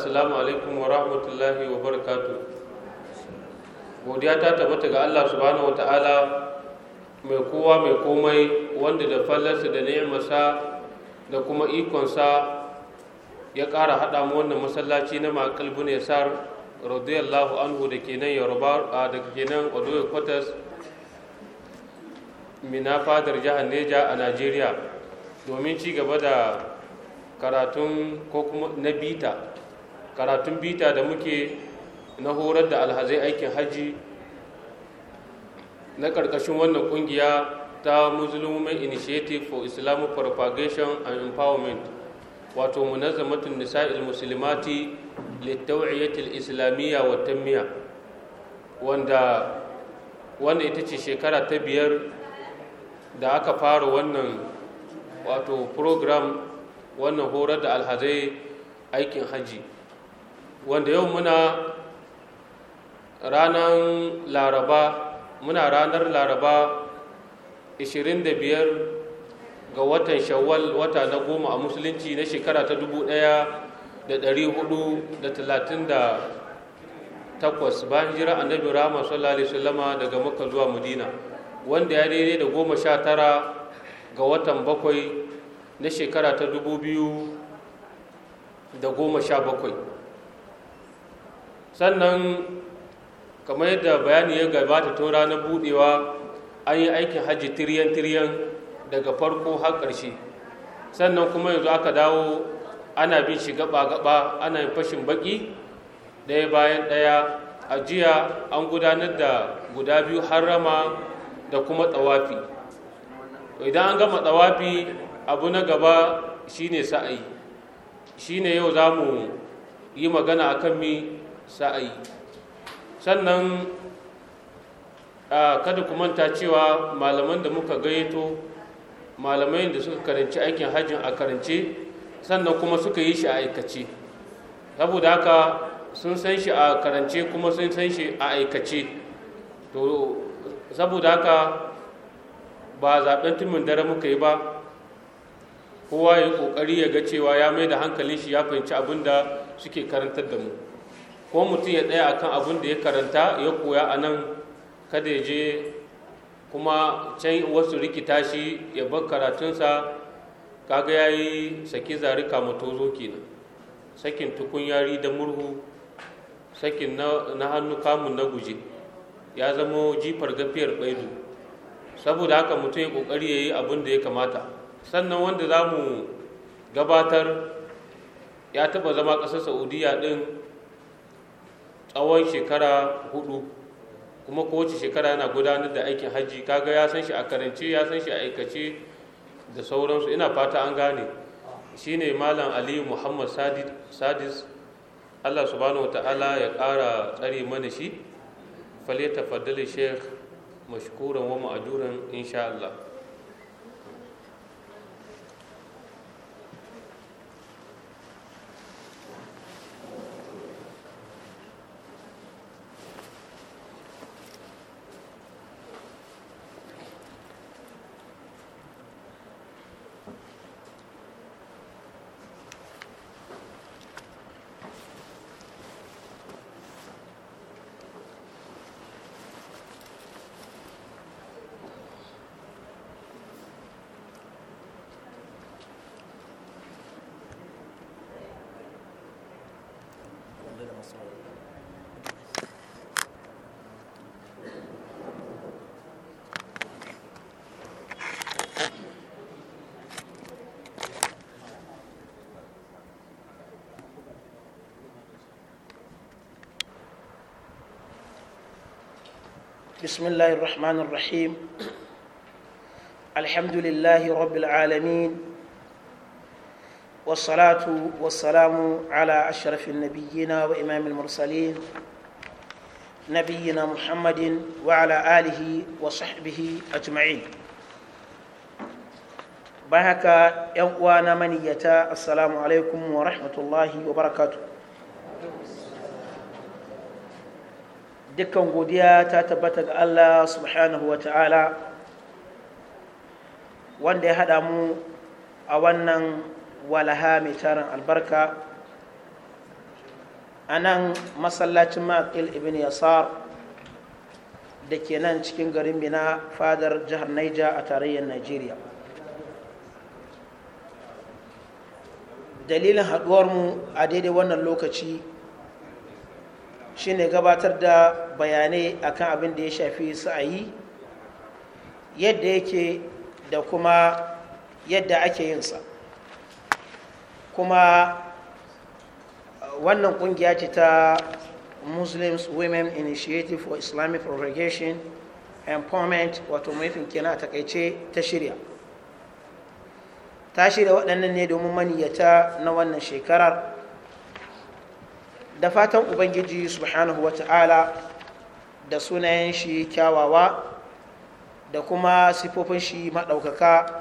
assalamu alaikum wa rahmatullahi wa barakatu godiya ta tabbata ga Allah subhanahu wa ta'ala mai kowa mai komai wanda da fallarsa da ni'imarsa da kuma ikonsa ya ƙara haɗa mu wannan masallaci na makal ne sar radiyallahu anhu da ke nan yoruba da ke nan odoyo kwatas mina fadar jihar neja a nigeria domin ci gaba da karatun ko kuma na bita karatun bita da muke na horar da alhazai aikin hajji na karkashin wannan ƙungiya ta muslim women initiative for islamic propagation and empowerment wato munazzamatun nisa'il musulmati littawiyatul islamiyya wa tammiya wanda wanda ita ce shekara ta biyar da aka fara wannan wato program wannan horar da alhazai aikin hajji wanda yau muna ranar laraba muna ranar laraba 25 ga watan shawwal wata na goma a musulunci na shekara ta 1438 bayan jira annabi rama sallallahu alaihi sallama daga makka zuwa madina wanda ya daidai da goma sha tara ga watan bakwai na shekara ta dubu biyu da goma sha bakwai sannan kamar yadda bayani ya gabata to ranar budewa an yi aikin hajji tiryan-tiryan daga farko har ƙarshe sannan kuma yanzu aka dawo ana bin shi gaba-gaba ana yin fashin baki ɗaya bayan ɗaya a jiya an gudanar da guda biyu harrama da kuma tsawafi idan an gama tsawafi abu na gaba shine sa'ayi shine yau za mu yi magana akan mi sa'ayi sannan kada ku manta cewa malaman da muka gayyato malamai da suka karanci aikin hajjin a karance sannan kuma suka yi shi a aikace saboda haka sun san shi a karance kuma sun san shi a aikace to saboda haka ba zaben tumin dare muka yi ba kowa ya kokari ya ga cewa ya mai da hankalin shi ya fahimci abin da suke karantar da mu ko mutum ya tsaya akan abin da ya karanta ya koya a nan kada ya je kuma can wasu rikita shi ya bar karatunsa kaga ya yi saki zari kamatozo kenan sakin tukun da murhu sakin na hannu kamun na guje ya zama jifar gafiyar baidu saboda haka mutum ya ƙoƙari ya yi abin da ya kamata sannan wanda za mu gabatar ya taɓa zama ƙasar saudiya ɗin tsawon shekara hudu kuma kowace shekara yana gudanar da aikin hajji kaga ya san shi a karance ya san shi a aikace da sauransu ina fata an gane shine malam aliyu muhammad sadis allah subhanahu ta'ala ya kara tsari mana shi fale tafaddali sheikh mashkuran wa ma'ajuran insha allah بسم الله الرحمن الرحيم الحمد لله رب العالمين والصلاة والسلام على أشرف النبيين وإمام المرسلين نبينا محمد وعلى آله وصحبه أجمعين بهك يوانا منيتا السلام عليكم ورحمة الله وبركاته dukkan godiya ta tabbata ga Allah subhanahu wa ta'ala wanda ya haɗa mu a wannan walaha mai taron albarka a nan masallacin maƙil ibn yasar da ke nan cikin garin mina fadar jihar naija a tarayyar najeriya dalilin haɗuwarmu a daidai wannan lokaci shine gabatar da bayanai akan abin da ya shafi yi yadda yake da kuma yadda ake yinsa kuma uh, wannan kungiya ce ta muslims women initiative for islamic propagation empowerment wato mafi kina a takaice ta shirya ta shirya waɗannan ne domin maniyyata na wannan shekarar da fatan ubangiji subhanahu wa ta'ala da sunayen shi kyawawa da kuma sifofin shi maɗaukaka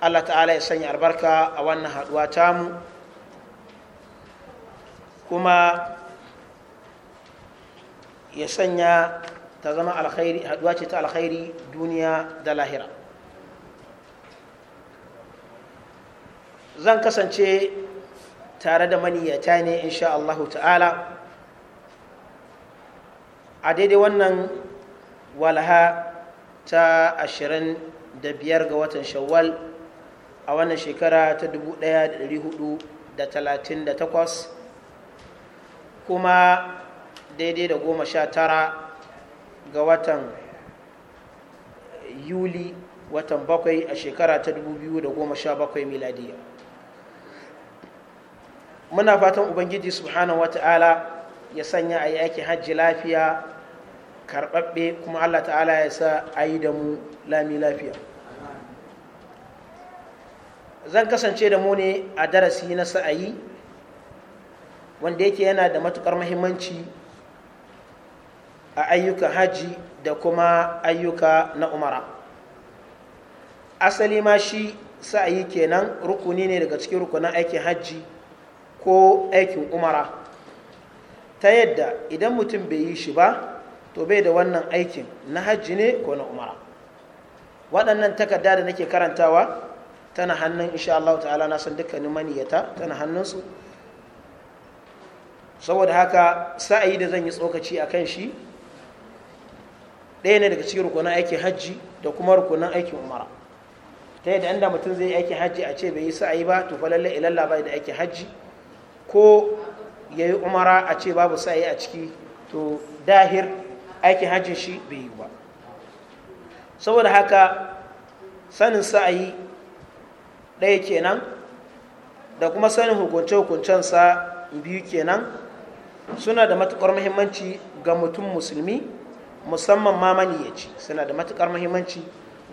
allah ta'ala ya sanya albarka a wannan haɗuwa tamu kuma ya sanya ta zama alkhairi haɗuwa ce ta alkhairi duniya da lahira zan kasance tare da maniyyata ne insha Allahu ta'ala a daidai wannan walha ta ashirin da biyar ga watan shawwal a wannan shekara ta takwas, kuma daidai da goma sha tara ga watan yuli watan bakwai a shekara ta goma bakwai miladiya muna fatan ubangiji subhanahu wata'ala ya sanya a yi aikin hajji lafiya karɓaɓɓe kuma allah ta'ala ya sa a yi da mu lami lafiya zan kasance da mu ne a darasi na sa'ayi wanda yake yana da matuƙar mahimmanci a ayyukan hajji da kuma ayyuka na umara asali ma shi sa'ayi kenan rukuni ne daga cikin rukunan aikin hajji ko aikin umara ta yadda idan mutum bai yi shi ba to bai da wannan aikin na hajji ne ko na umara waɗannan takarda da nake karantawa tana hannun insha Allah ta'ala na san dukkanin maniyata tana hannunsu saboda haka sa'ayi da zan yi tsokaci a kan shi ɗaya ne daga cikin rukunan aikin hajji da kuma rukunan aikin umara ta yadda inda mutum zai yi aikin hajji a ce bai yi sa'ayi ba to fa lallai ilalla bai da aikin hajji ko ya yi umara a ce babu sa'i a ciki to dahir aikin hajjin shi bai yi ba saboda haka sanin sa'ayi ɗaya kenan da kuma sanin hukunce-hukuncensa biyu kenan suna da matukar muhimmanci ga mutum musulmi musamman mamani ya ci suna da matukar muhimmanci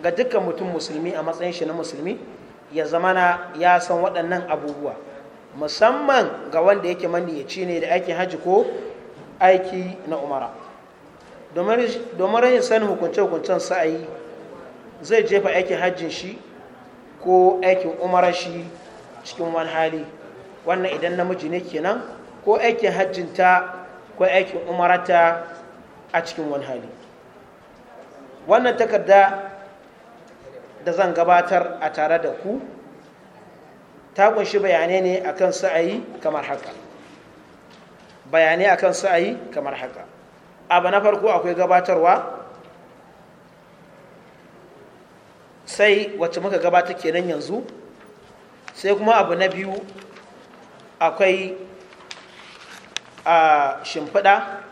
ga dukkan mutum musulmi a matsayin shi na musulmi ya zamana ya san waɗannan abubuwa musamman ga wanda yake maniyaci ne da aikin hajji ko aiki na umara domin rashin sanin hukunce-hukuncen sa'ayi zai jefa aikin hajjin shi ko aikin umara shi cikin wani hali wannan idan namiji ne kenan ko aikin ta ko aikin umarata a cikin wani hali wannan takarda da zan gabatar a tare da ku ta kunshi bayanai ne akan sa'ayi kamar haka bayanai akan sa'ayi kamar haka abu na farko akwai gabatarwa sai wacce muka gabata kenan yanzu sai kuma abu na biyu akwai a shimfiɗa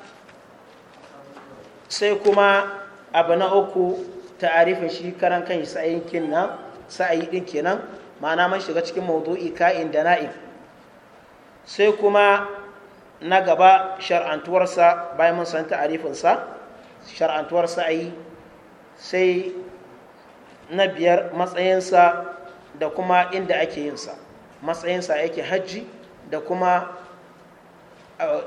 sai kuma abu na uku ta'arifin shi karan kan sa'ayin kinna sa'ayi ɗin kenan ma'ana man shiga cikin maudu'i ka'in da na'in sai kuma na gaba shar'antuwarsa bayan mun san ta'arifinsa shar'antuwarsa a yi sai na biyar matsayinsa da kuma inda ake yinsa matsayinsa yake hajji da kuma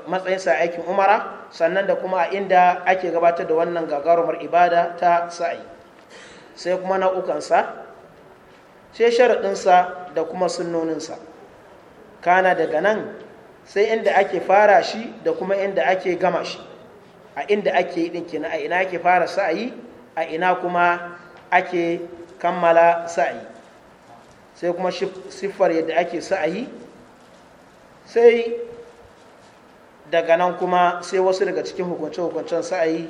matsayinsa aikin umara sannan da kuma inda ake gabatar da wannan gagarumar ibada ta sa'i sai kuma na ukansa sai sharaɗinsa da kuma sunnoninsa kana daga nan sai inda ake fara shi da kuma inda ake gama shi a inda ake yi ɗinki a ina ake fara sa'ayi a ina kuma ake kammala sa'ayi sai kuma siffar yadda ake sa'ayi sai daga nan kuma sai wasu daga cikin hukunce-hukuncen sa'ayi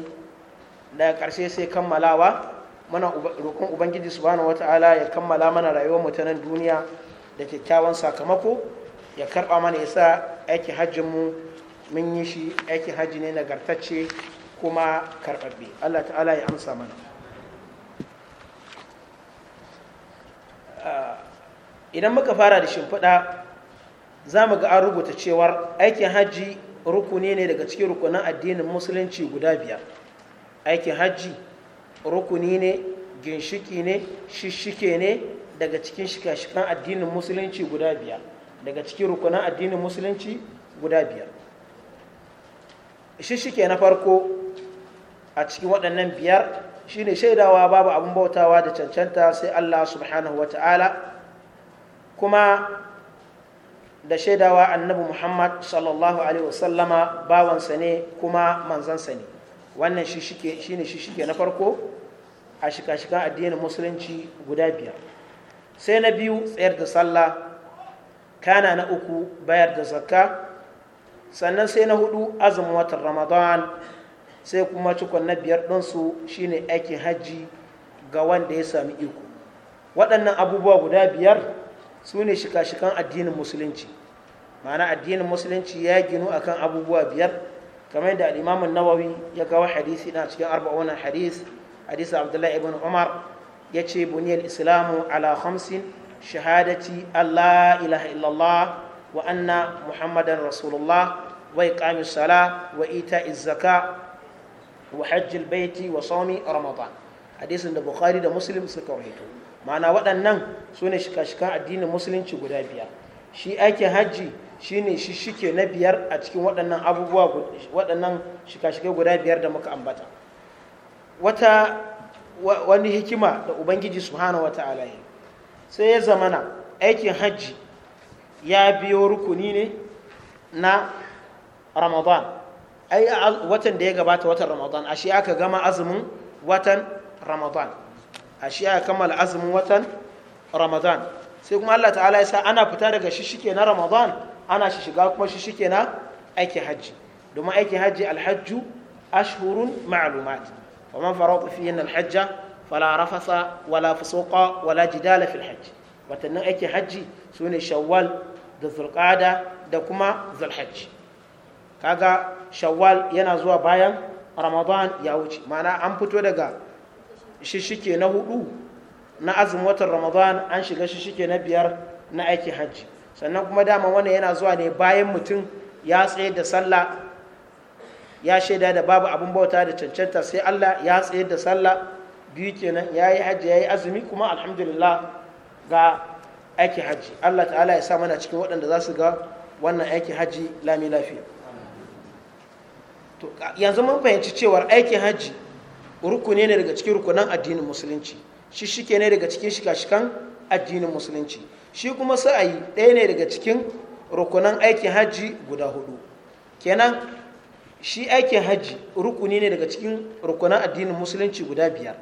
daga ƙarshe sai kammalawa muna roƙon ubangiji subhanahu wata'ala ya kammala mana rayuwar mu ta nan duniya da kyakkyawan sakamako ya karɓa mana yasa aiki hajjin mu mun yi shi aiki hajji ne nagartacce kuma karɓaɓɓe Allah ta'ala ya amsa mana ah, idan muka fara da shimfiɗa za mu ga an rubuta cewar aikin hajji rukuni ne daga cikin rukunin addinin musulunci guda biyar aikin hajji rukuni ne ginshiki ne shishike ne daga cikin shika-shikan addinin musulunci guda biyar daga cikin rukunan addinin musulunci guda biyar shishike na farko a cikin waɗannan biyar shine shaidawa babu abin bautawa da cancanta sai Allah subhanahu wa ta'ala kuma da shaidawa annabi Muhammad sallallahu alaihi wasallama bawansa ne kuma manzansa ne wannan shine shishike na farko a shika-shikan addinin musulunci guda biyar sai na biyu tsayar da sallah kana na uku bayar da zakka sannan sai na hudu azumin watan ramadan sai kuma cikon na biyar ɗinsu shine aikin hajji ga wanda ya sami iko waɗannan abubuwa guda biyar su ne shika-shikan addinin musulunci ma'ana addinin musulunci ya ginu akan abubuwa biyar kamar da al'imamin nawawi ya kawo hadisi na cikin arba'una hadisi hadisi abdullahi ibn umar ya ce buniyar islamu ala khamsin shahadati allah ilaha illallah wa anna muhammadan rasulullah wa iqami sala wa ita zaka wa hajjil baiti wa sawmi ramadan hadisin da bukhari da muslim suka rawaito ma'ana waɗannan su ne shika-shikan addinin musulunci guda biyar shi aikin hajji shine shi shike na biyar a cikin waɗannan abubuwa waɗannan shika-shikai guda biyar da muka ambata wata wani hikima da ubangiji subhanahu wata'ala ya sai ya zamana aikin hajji ya biyo rukuni ne na ramadan ai watan da ya gabata watan ramadan a shi aka gama azumin watan ramadan a shi aka kammala azumin watan ramadan sai kuma allah ta'ala ya sa ana fita daga shishike na ramadan ana shi shiga kuma shishike na aikin hajji domin aikin hajji alhajju ashhurun ma'lumat ومن فرض فيهن الحج فلا رفث ولا فسوق ولا جدال في الحج watannin aikin hajji su ne shawwal da zulqada da kuma zulhajji kaga shawwal yana zuwa bayan ramadan ya wuce mana an fito daga shishike na hudu na azumin watan ramadan an shiga shishike na biyar na aikin hajji sannan kuma dama wannan yana zuwa ne bayan mutum ya tsaye da sallah ya shaida da babu abin bauta da cancanta sai Allah ya tsayar da sallah biyu kenan ya yi hajji ya yi azumi kuma alhamdulillah ga aiki hajji Allah ta'ala ya sa mana cikin waɗanda za su ga wannan aiki hajji lami lafiya yanzu mun fahimci cewar aiki hajji rukuni ne daga cikin rukunan addinin musulunci shi shike ne daga cikin shika-shikan addinin musulunci shi kuma sa'ayi ɗaya ne daga cikin rukunan aikin hajji guda hudu kenan shi aikin hajji rukuni ne daga cikin rukunan addinin musulunci guda biyar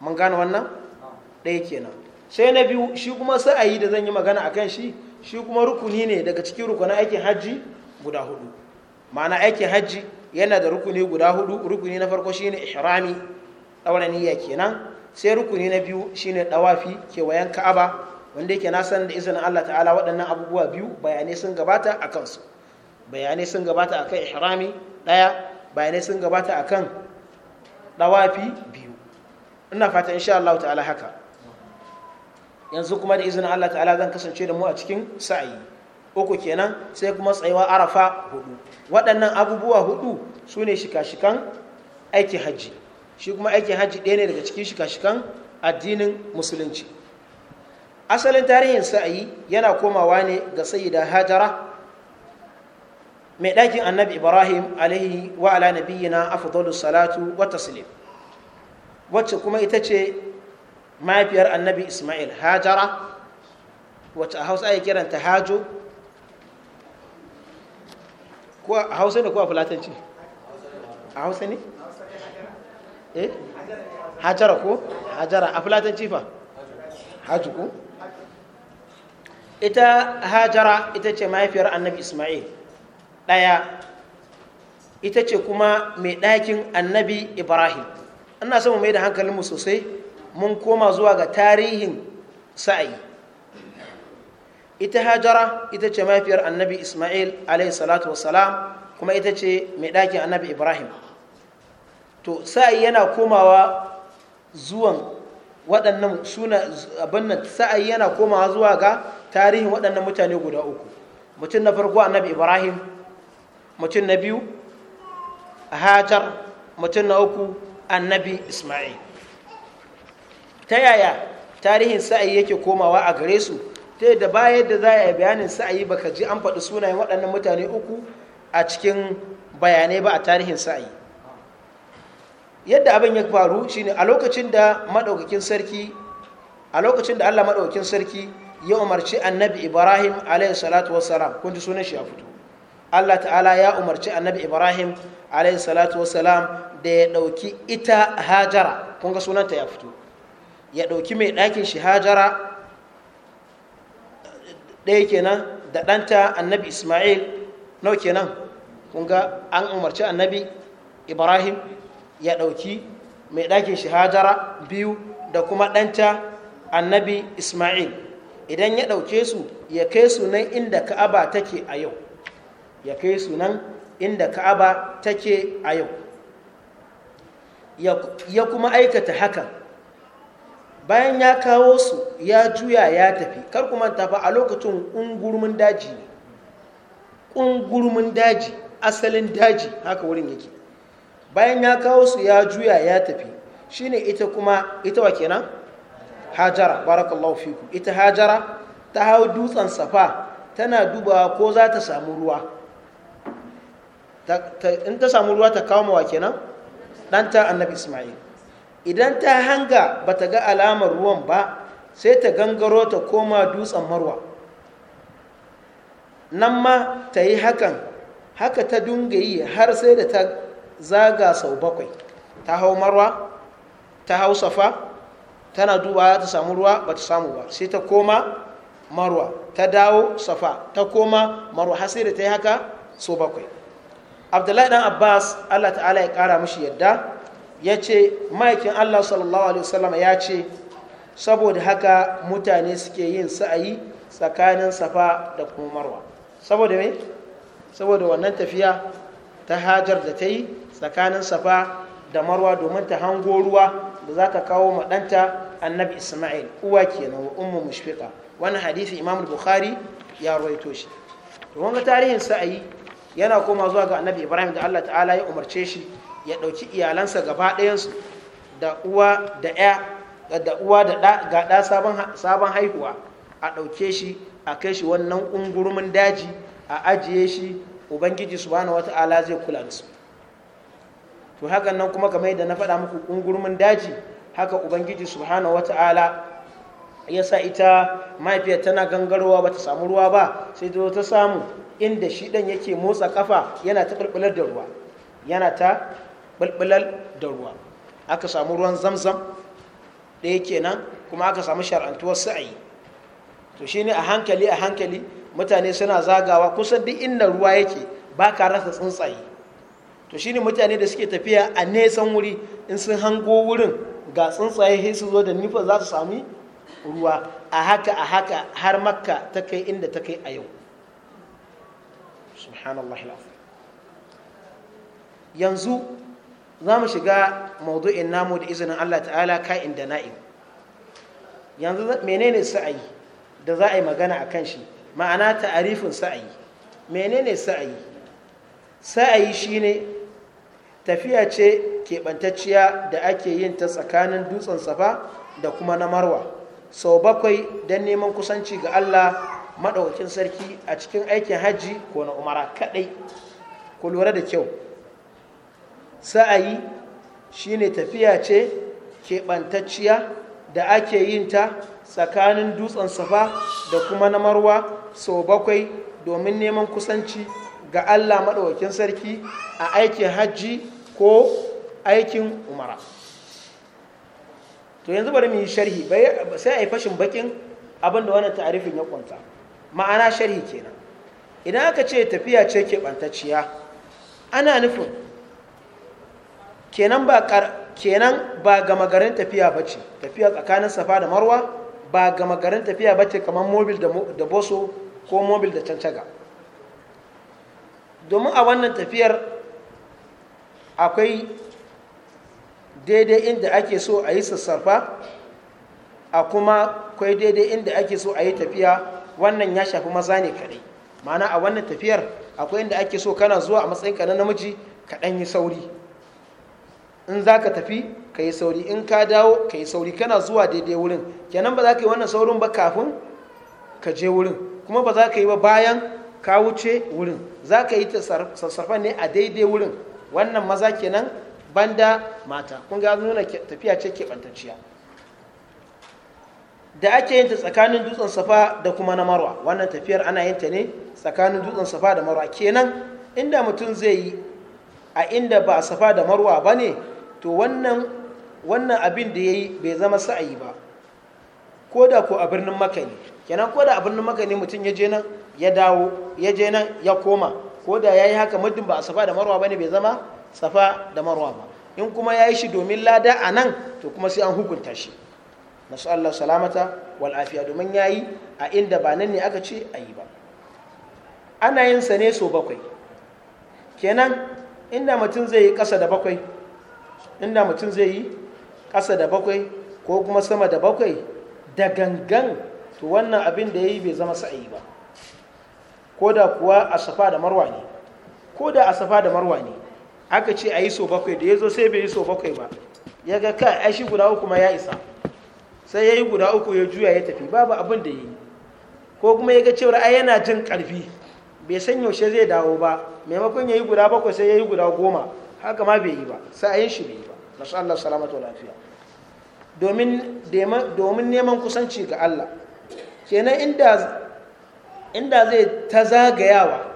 mun gane wannan ɗaya kenan sai na biyu shi kuma sa'ayi da zan yi magana a kan shi shi kuma rukuni ne daga cikin rukunan aikin hajji guda hudu ma'ana aikin hajji yana da rukuni guda hudu rukuni na farko shine ihrami ɗaura niyya kenan sai rukuni na biyu shine ɗawafi kewayen ka'aba wanda yake na san da izinin Allah ta'ala waɗannan abubuwa biyu bayanai sun gabata a kansu bayanai sun gabata akan ihrami daya bayanai sun gabata akan dawafi biyu ina fata insha Allah ta'ala haka yanzu kuma da izinin Allah ta'ala zan kasance da mu a cikin sa'ayi uku kenan sai kuma tsayuwa arafa hudu waɗannan abubuwa hudu su ne shika-shikan aikin hajji shi kuma aikin hajji ɗaya ne daga cikin shika-shikan addinin musulunci asalin tarihin sa'ayi yana komawa ne ga sayida hajara mai ɗakin annabi ibrahim alaihi wa ala nabiyyina afdalu salatu wa taslim wacce kuma ita ce mahaifiyar annabi ismail hajara wacce a hausa ake kiranta hajo ko a hausa ne ko a fulatanci a hausa ne eh hajara ko hajara a fulatanci fa haju ko ita hajara ita ce mahaifiyar annabi ismail ɗaya ita ce kuma mai ɗakin annabi ibrahim ana so mu mai da hankalinmu sosai mun koma zuwa ga tarihin sa'ayi ita hajara ita ce mafiyar annabi ismail salatu wassalam kuma ita ce mai ɗakin annabi ibrahim to sa'ayi yana komawa zuwan waɗannan suna abinnan sa'ayi yana komawa zuwa ga tarihin waɗannan mutane guda uku mutum na farko annabi ibrahim mutum na biyu a hajar mutum na uku annabi isma'il ta yaya tarihin sa'ayi yake komawa a gare su ta yadda bayan da za a yi bayanin sa'ayi baka ji an faɗi sunayen waɗannan mutane uku a cikin bayanai ba a tarihin sa'ayi yadda abin ya faru shine a lokacin da maɗaukakin sarki a lokacin da allah maɗaukakin sarki ya umarci annabi ibrahim alaihi salatu kun ji sunan shi a fito Allah ta'ala ya umarci annabi Ibrahim alayhi salatu Salam da ya ɗauki ita hajara kun ga sunanta ya fito ya ɗauki mai ɗakin shi hajara ɗaya kenan da ɗanta annabi Ismail nau kenan kun ga an umarci annabi Ibrahim ya ɗauki mai ɗakin shi hajara biyu da kuma ɗanta annabi Ismail idan ya ɗauke su ya kai su nan inda ka'aba take a yau ya kai su nan inda ka'aba take a yau ya kuma aikata hakan bayan ya kawo su ya juya ya tafi kar ku a lokacin ungurmin daji ne ungurmin daji asalin daji haka wurin yake bayan ya kawo su ya juya ya tafi shine ita kuma ita wa kenan hajara barakallahu fiku ita hajara ta hau dutsen safa tana dubawa ko za ta samu ruwa in ta samu ruwa ta kawo mawa kenan ɗanta annabi ismail idan ta hanga ba ta ga alamar ruwan ba sai ta gangaro ta koma dutsen marwa nan ma ta yi hakan haka ta dunga yi har sai da ta zaga sau bakwai ta hau marwa ta hau safa tana duba ta samu ruwa ba ta samu ba sai ta koma marwa ta dawo safa ta koma marwa har sai da ta yi haka sau bakwai abdullahi dan abbas allah ta'ala ya kara mashi yadda ya ce ma'aikin allah sallallahu alaihi wasallam ya ce saboda haka mutane suke yin sa'ayi tsakanin safa da kuma marwa saboda me saboda wannan tafiya ta hajar da ta yi tsakanin safa da marwa domin ta hango ruwa da za ka kawo maɗanta annabi isma'il uwa kenan wa ummu mushfiqa wannan hadisi imam bukhari ya rawaito shi to wanga tarihin sa'ayi yana koma zuwa ga annabi ibrahim da allah ta'ala ya umarce shi ya ɗauki iyalansa gaba ɗayansu da uwa da ya da uwa da ɗa ga ɗa sabon haihuwa a ɗauke shi a kai shi wannan ungurumin daji a ajiye shi ubangiji subhanahu wata'ala zai kula da su to hakan nan kuma kamar yadda na faɗa muku ungurumin daji haka ubangiji subhanahu wata'ala yasa ita mahaifiyar tana gangarowa ta samu ruwa ba sai zo ta samu inda shi dan yake motsa kafa yana ta bulbular da ruwa yana ta bulbular da ruwa aka samu ruwan zamzam ɗaya kenan kuma aka samu shar'antuwar sa'ayi to shine a hankali a hankali mutane suna zagawa kusan duk inda ruwa yake ba ka rasa tsuntsaye to shine mutane da suke tafiya a nesan wuri in sun hango wurin ga tsuntsaye sai su zo da nufa za su sami ruwa a haka a haka har makka ta kai inda ta kai a yau subhanallah yanzu za mu shiga maudu'in namu da izinin Allah ta'ala ka'in da na'in yanzu menene sa'ayi da za a yi magana a kan shi ma'ana ta'arifin sa'ayi menene sa'ayi sa'ayi shine tafiya ce keɓantacciya da ake yin ta tsakanin dutsen safa da kuma na marwa sau bakwai don neman kusanci ga Allah maɗaukin sarki a cikin aikin hajji ko na umara kaɗai ku lura da kyau sa'ayi shi ne tafiya ce keɓantacciya da ake yin ta tsakanin dutsen safa da kuma na marwa sau bakwai domin neman kusanci ga Allah maɗaukin sarki a aikin hajji ko aikin umara to yanzu bari mu yi sharhi sai a yi fashin bakin abinda wannan ta'arifin ya kunta ma'ana sharhi kenan idan aka ce tafiya ce ke bantacciya ana nufin kenan ba kenan ba gama garin tafiya bace, tafiya tsakanin safa da marwa ba gama garin tafiya bace kamar mobil da boso ko mobil da cancaga domin a wannan tafiyar akwai daidai inda ake so a yi sassarfa a kuma kwai daidai inda ake so a yi tafiya wannan ya shafi maza ne kaɗai mana a wannan tafiyar akwai inda ake so kana zuwa a matsayinka na namiji ka ɗan yi sauri in za ka tafi ka yi sauri in ka dawo ka yi sauri kana zuwa daidai wurin kenan ba za ka yi wannan saurin ba kafin ka je wurin kuma ba za ka yi ba bayan ka wuce wurin za ka yi sassarfa ne a daidai wurin wannan maza kenan banda mata kun ga nuna tafiya ce bantacciya da ake yin ta tsakanin dutsen safa da kuma na marwa wannan tafiyar ana yin ta ne tsakanin dutsen safa da marwa kenan inda mutum zai yi a inda ba safa da marwa ba ne to wannan wannan abin da ya yi bai zama sa'ayi ba ko da ko a birnin makani? kenan ko da a birnin makani mutum ya je nan ya dawo ya je nan ya koma ko da ya yi haka muddin ba a safa da marwa ba ne bai zama safa da marwa ba in kuma ya yi shi domin lada a nan to kuma sai an hukunta shi nasu Allah salamata wal afiya domin ya yi a inda ba nan ne aka ce a yi ba ana yin sa ne so bakwai kenan inda mutum zai yi ƙasa da bakwai inda mutum zai yi ƙasa da bakwai ko kuma sama da bakwai da gangan to wannan abin da ya yi bai zama sa'ayi ba ko da kuwa a safa da marwa ne ko da a safa da marwa ne aka ce a yi so bakwai da ya zo sai bai yi so bakwai ba ya ga ka a shi guda uku ma ya isa sai ya yi guda uku ya juya ya tafi babu abin da ya yi ko kuma ya ga cewar a yana jin karfi bai san yaushe zai dawo ba maimakon ya yi guda bakwai sai ya yi guda goma haka ma bai yi ba sai a yin shi bai yi ba nasu Allah salamatu lafiya domin neman kusanci ga Allah kenan inda inda zai ta zagayawa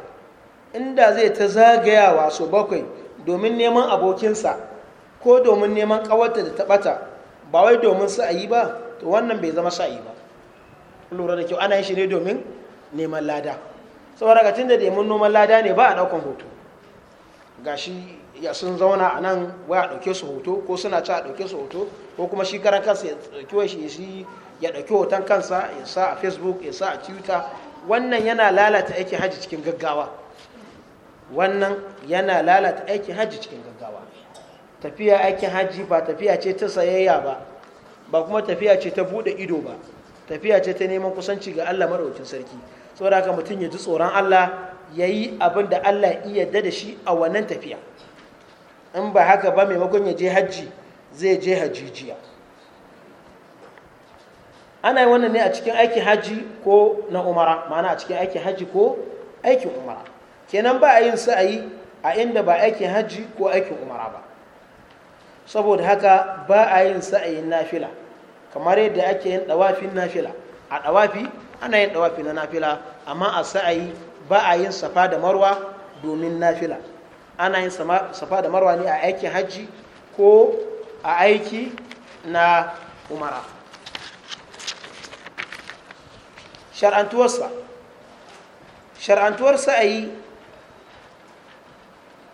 inda zai ta zagayawa so bakwai domin neman abokinsa ko domin neman kawarta da ta ɓata ba wai domin sa'ayi ba to wannan bai zama sa'ayi ba lura da kyau ana yin shi ne domin neman lada saboda ga da neman noman lada ne ba a ɗaukan hoto gashi ya sun zauna a nan wai a ɗauke su hoto ko suna ci a ɗauke su hoto ko kuma shi karan kansa ya ɗauki shi ya ɗauki hoton kansa ya sa a facebook ya sa a twitter wannan yana lalata aiki hajji cikin gaggawa wannan yana lalata aikin hajji cikin gaggawa tafiya aikin hajji ba tafiya ce ta sayayya ba ba kuma tafiya ce ta bude ido ba tafiya ce ta neman kusanci ga Allah maɗaukin sarki saboda haka mutum ya ji tsoron Allah ya yi abin da Allah iya dada da shi a wannan tafiya in ba haka ba maimakon ya je hajji zai je jiya? ana yi wannan ne a cikin aikin hajji ko na umara ma'ana a cikin aikin hajji ko aikin umara kenan ba a yin sa'ayi a inda ba aikin hajji ko aikin umara ba saboda haka ba a yin sa'ayin nafila kamar yadda ake yin dawafin nafila a dawafi ana yin dawafi na nafila amma a sa'ayi ba a yin safa da marwa domin nafila ana yin safa da marwa ne a aikin hajji ko a aiki na umara shar'antuwarsa shar'antuwar sa'ayi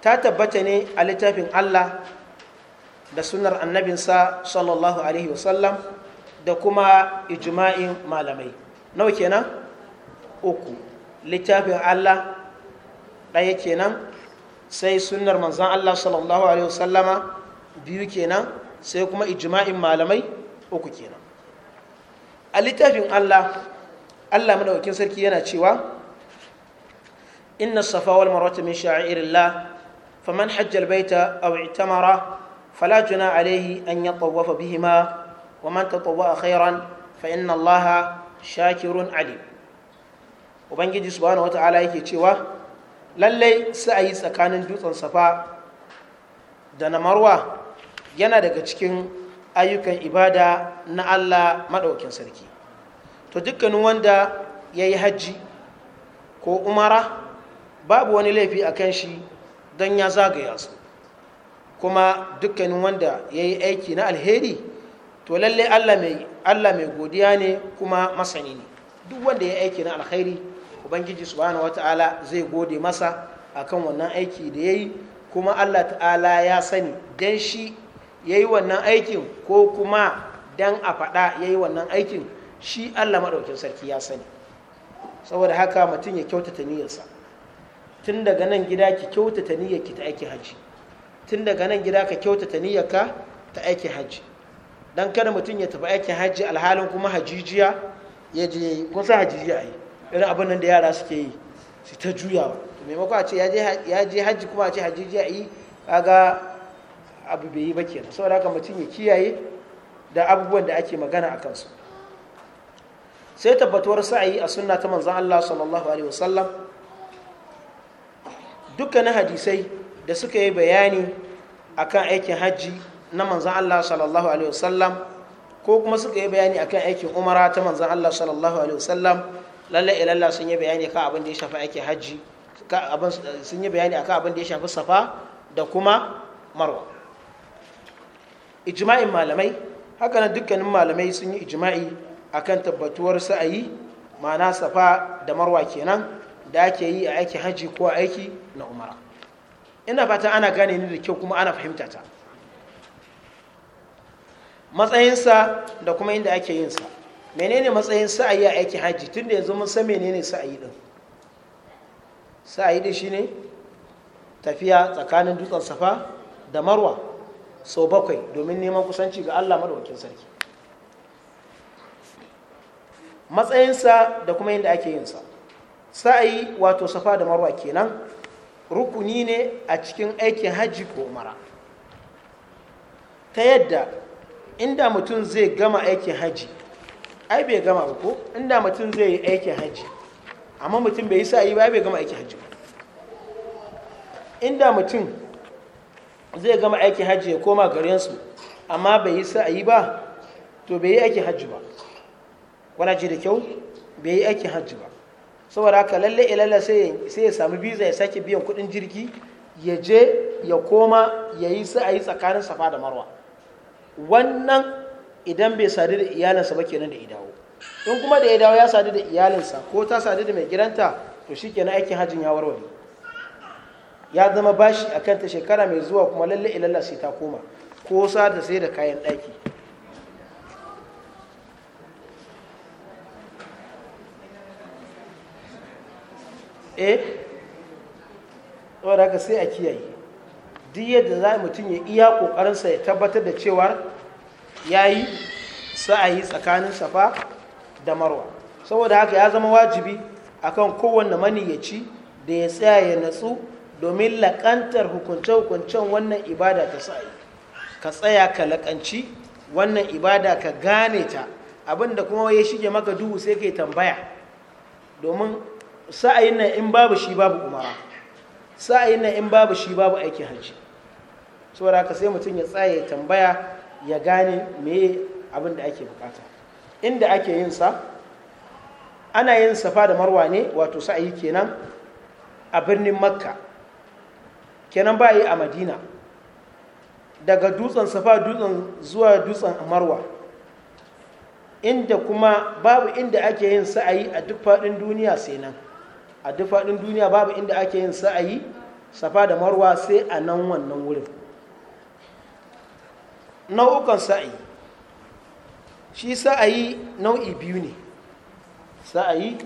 ta tabbata ne a littafin Allah da sunar annabinsa sallallahu alaihi wasallam da kuma ijima'in malamai nawa kenan uku littafin Allah ɗaya kenan sai sunar manzan Allah sallallahu alaihi wasallama biyu kenan sai kuma ijma'in malamai uku kenan a littafin Allah Allah madaukakin sarki yana cewa inna safa wal marwa min sha'irillah فمن حج البيت أو اعتمر فلا جنى عليه أن يطوف بهما ومن تطوع خيرا فإن الله شاكر عليم وبنجي سبحانه وتعالى يكي تشوى للي سأي سكان دوتن صفا دنا مروة yana daga cikin ayyukan ibada na Allah maɗaukin sarki to dukkanin wanda ya yi hajji ko umara babu wani laifi a kan shi don ya zagaya su kuma dukkanin wanda ya yi aiki na alheri to lalle allah mai godiya ne kuma masani ne duk wanda ya yi aiki na alheri ubangiji subhanahu wata'ala zai gode masa akan wannan aiki da ya yi kuma allah ta'ala ya sani don shi ya yi wannan aikin ko kuma don a faɗa ya yi wannan aikin shi allah maɗaukin sarki ya sani saboda haka mutum ya kyautata niyyarsa tun daga nan gida ki kyautata niyyarki ta aiki hajji tun daga nan gida ka kyautata niyyarka ta aiki hajji dan kada mutum ya tafi aikin hajji alhalin kuma hajijiya ya je kun san hajijiya ai irin abin nan da yara suke yi su ta ba. to maimakon a ce ya je hajji kuma a ce hajijiya yi kaga abu bai yi ba kenan saboda haka mutum ya kiyaye da abubuwan da ake magana a kansu sai tabbatuwar sa'ayi a sunna ta manzon Allah sallallahu alaihi wasallam dukkanin hadisai da suka yi bayani akan aikin hajji na manzan Allah sallallahu alaihi wasallam ko kuma suka yi bayani akan aikin umara ta manzan Allah sallallahu alaihi wasallam lallai ilalla sun yi bayani kan abin da ya shafi aikin hajji sun yi bayani akan abin da ya shafi safa da kuma marwa ijma'in malamai hakanan dukkanin malamai sun yi ijma'i akan tabbatuwar sa'ayi ma'ana safa da marwa kenan da ake yi a aiki hajji ko aiki na umara ina fata ana gane ni da kyau kuma ana fahimta ta matsayinsa da kuma inda ake yinsa menene matsayin sa'ayi a aiki hajji tun da yanzu mun san menene sa'ayi din sa'ayi din shine tafiya tsakanin dutsen safa da marwa sau bakwai domin neman kusanci ga allah madawakin sarki matsayinsa da kuma yadda ake yin sa sa'ayi wato safa da marwa kenan rukuni ne a cikin aikin hajji ko umara ta yadda inda mutum zai gama aikin hajji ai bai gama ba ko inda mutum zai yi aikin hajji amma mutum bai yi sa'ayi ba bai gama aikin hajji ba inda mutum zai gama aikin hajji ya koma garinsu amma bai yi sa'ayi ba to bai yi aikin hajji ba wana ji da kyau bai yi aikin hajji ba saboda haka lalle ilalla sai ya samu biza ya sake biyan kudin jirgi ya je ya koma ya yi su a yi tsakanin safa da marwa wannan idan bai sadu da iyalinsa ba kenan da ya dawo, in kuma da ya dawo ya sadu da iyalinsa ko ta sadu da mai gidanta to shi na aikin hajjin ya warware ya zama bashi akan ta shekara mai zuwa kuma lalle ilalla sai ta koma ko sa da sai da kayan ɗaki eh saboda haka sai a kiyaye duk yadda za mutum ya iya ƙoƙarinsa ya tabbatar da cewar ya yi sa'ayi tsakanin safa da marwa saboda haka ya zama wajibi akan kowanne maniyyaci da ya tsaya ya natsu domin laƙantar hukunce-hukuncen wannan ibada ta sa'ayi ka tsaya ka laƙanci wannan ibada ka gane ta abinda kuma ya shige maka duhu sai ka yi tambaya domin sa'ayin nan in babu shi babu umara sa'ayin nan in babu shi babu aikin hajji saboda ka sai mutum ya tsaye tambaya ya gane me abin da ake bukata inda ake yin sa ana yin safa da marwa ne wato sa'ayi kenan a birnin makka kenan ba yi a madina daga dutsen safa dutsen zuwa dutsen marwa inda kuma babu inda ake yin sa'ayi a duk faɗin duniya sai nan a duk faɗin duniya babu inda ake yin sa'ayi safa da marwa sai a nan wannan wurin nau'ukan sa'ayi shi sa'ayi nau'i biyu ne sa'ayi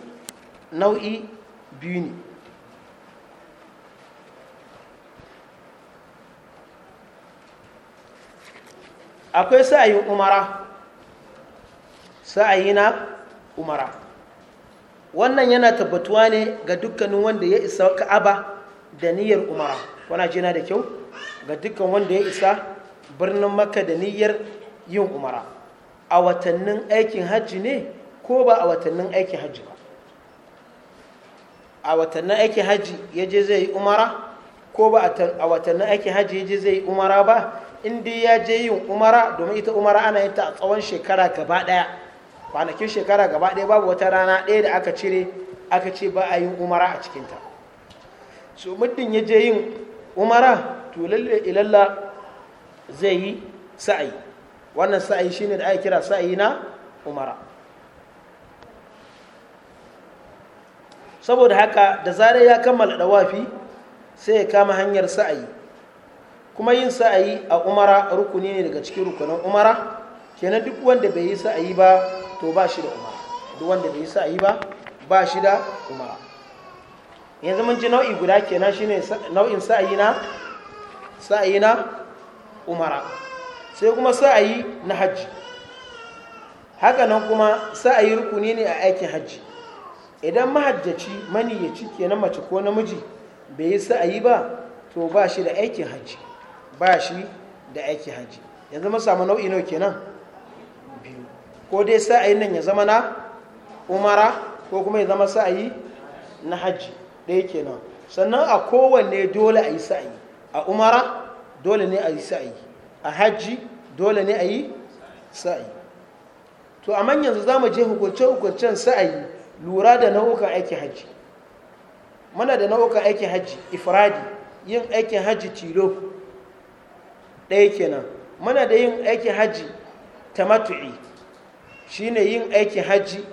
nau'i biyu ne akwai sa'ayin umara sa'ayi na umara wannan yana tabbatuwa ne ga dukkanin wanda ya isa ka'aba da niyyar umara wana jina da kyau ga dukkan wanda ya isa birnin makka da niyyar yin umara a watannin aikin hajji ne ko ba a watannin aikin hajji ba a watannin aikin hajji ya je zai yi umara ko ba a watannin aikin hajji ya je zai yi umara ba in ya je yin umara domin ita umara ana yin ta a tsawon shekara gaba ɗaya kwanakin shekara gaba ɗaya babu wata rana ɗaya da aka cire aka ce ba a yi umara a cikinta so muddin ya je yin umara to lalle ilalla zai yi sa'ayi wannan sa'ayi shine da ake kira sa'ayi na umara saboda haka da zarar ya kammala dawafi sai ya kama hanyar sa'ayi kuma yin sa'ayi a umara rukuni ne daga cikin rukunin umara kenan duk wanda bai yi sa'ayi ba to ba shi da umara duk wanda bai yi sa'i ba ba shi da umara yanzu mun ji nau'i guda kenan shine nau'in sa'ayi na sa'ayi na umara sai kuma sa'ayi na hajji haka nan kuma sa'ayi rukuni ne a aikin hajji idan mahajjaci mani maniyyaci kenan mace ko namiji bai yi sa'ayi ba to ba shi da aikin hajji ba shi da aikin hajji yanzu mun samu nau'i nau kenan ko dai sa'ayi nan ya zama na umara ko kuma ya zama sa'ayi na hajji ɗaya kenan sannan a kowanne dole a yi sa'ayi a umara dole ne a yi sa'ayi a hajji dole ne a yi sa'ayi to a manyan za mu je hukunce-hukuncen sa'ayi lura da nau'ukan aikin hajji muna da nau'ukan aikin hajji ifradi yin aikin hajji tilo ɗaya kenan muna da yin aikin hajji tamatu'i shine yin aikin hajji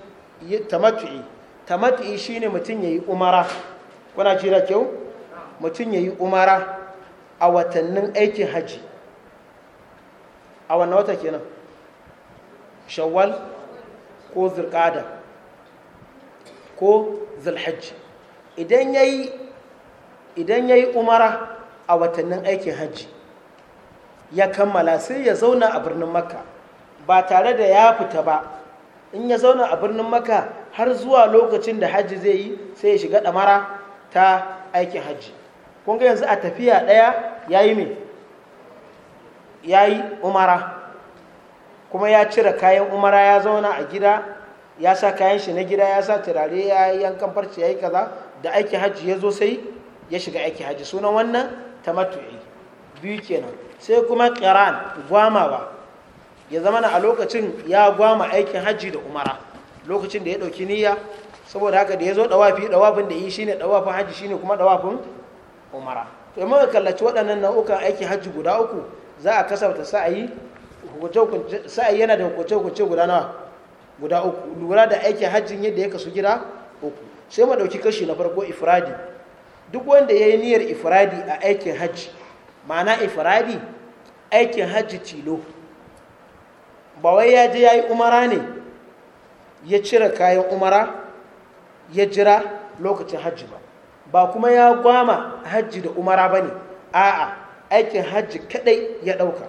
ta matu'i shi shine mutum yi umara kuna ji da kyau mutum ya yi umara a watannin aikin hajji a wannan wata kenan shawwal ko zirkada ko zilhajji idan ya yi umara a watannin aikin hajji ya kammala sai ya zauna a birnin makka ba tare da ya fita ba in ya zauna a birnin maka har zuwa lokacin da hajji zai yi sai ya shiga ɗamara ta aikin hajji yanzu a tafiya ɗaya ya yi mai ya yi umara kuma ya cire kayan umara ya zauna a gida ya sa kayan shi na gida ya sa turare ya yi yankan kamfarci ya yi kaza da aikin hajji ya zo sai ya shiga aikin hajji sunan wannan ta biyu kenan sai kuma ƙiran gwamawa ya zama na a lokacin ya gwama aikin hajji da umara lokacin da ya ɗauki niyya saboda haka da ya zo dawafi ɗawafin da yi shine ɗawafin hajji shine kuma ɗawafin umara to in muka kallaci waɗannan nau'ukan aikin hajji guda uku za a kasafta sa'ayi sa'ayi yana da hukunce hukunce guda nawa guda uku lura da aikin hajjin yadda ya kasu gida uku sai mu ɗauki kashi na farko ifradi duk wanda ya yi niyyar ifradi a aikin hajji ma'ana ifradi aikin hajji tilo ba wai ya je ya yi umara ne ya cire kayan umara ya jira lokacin hajji ba ba kuma ya gwama hajji da umara ba ne a'a aikin hajji kadai ya ɗauka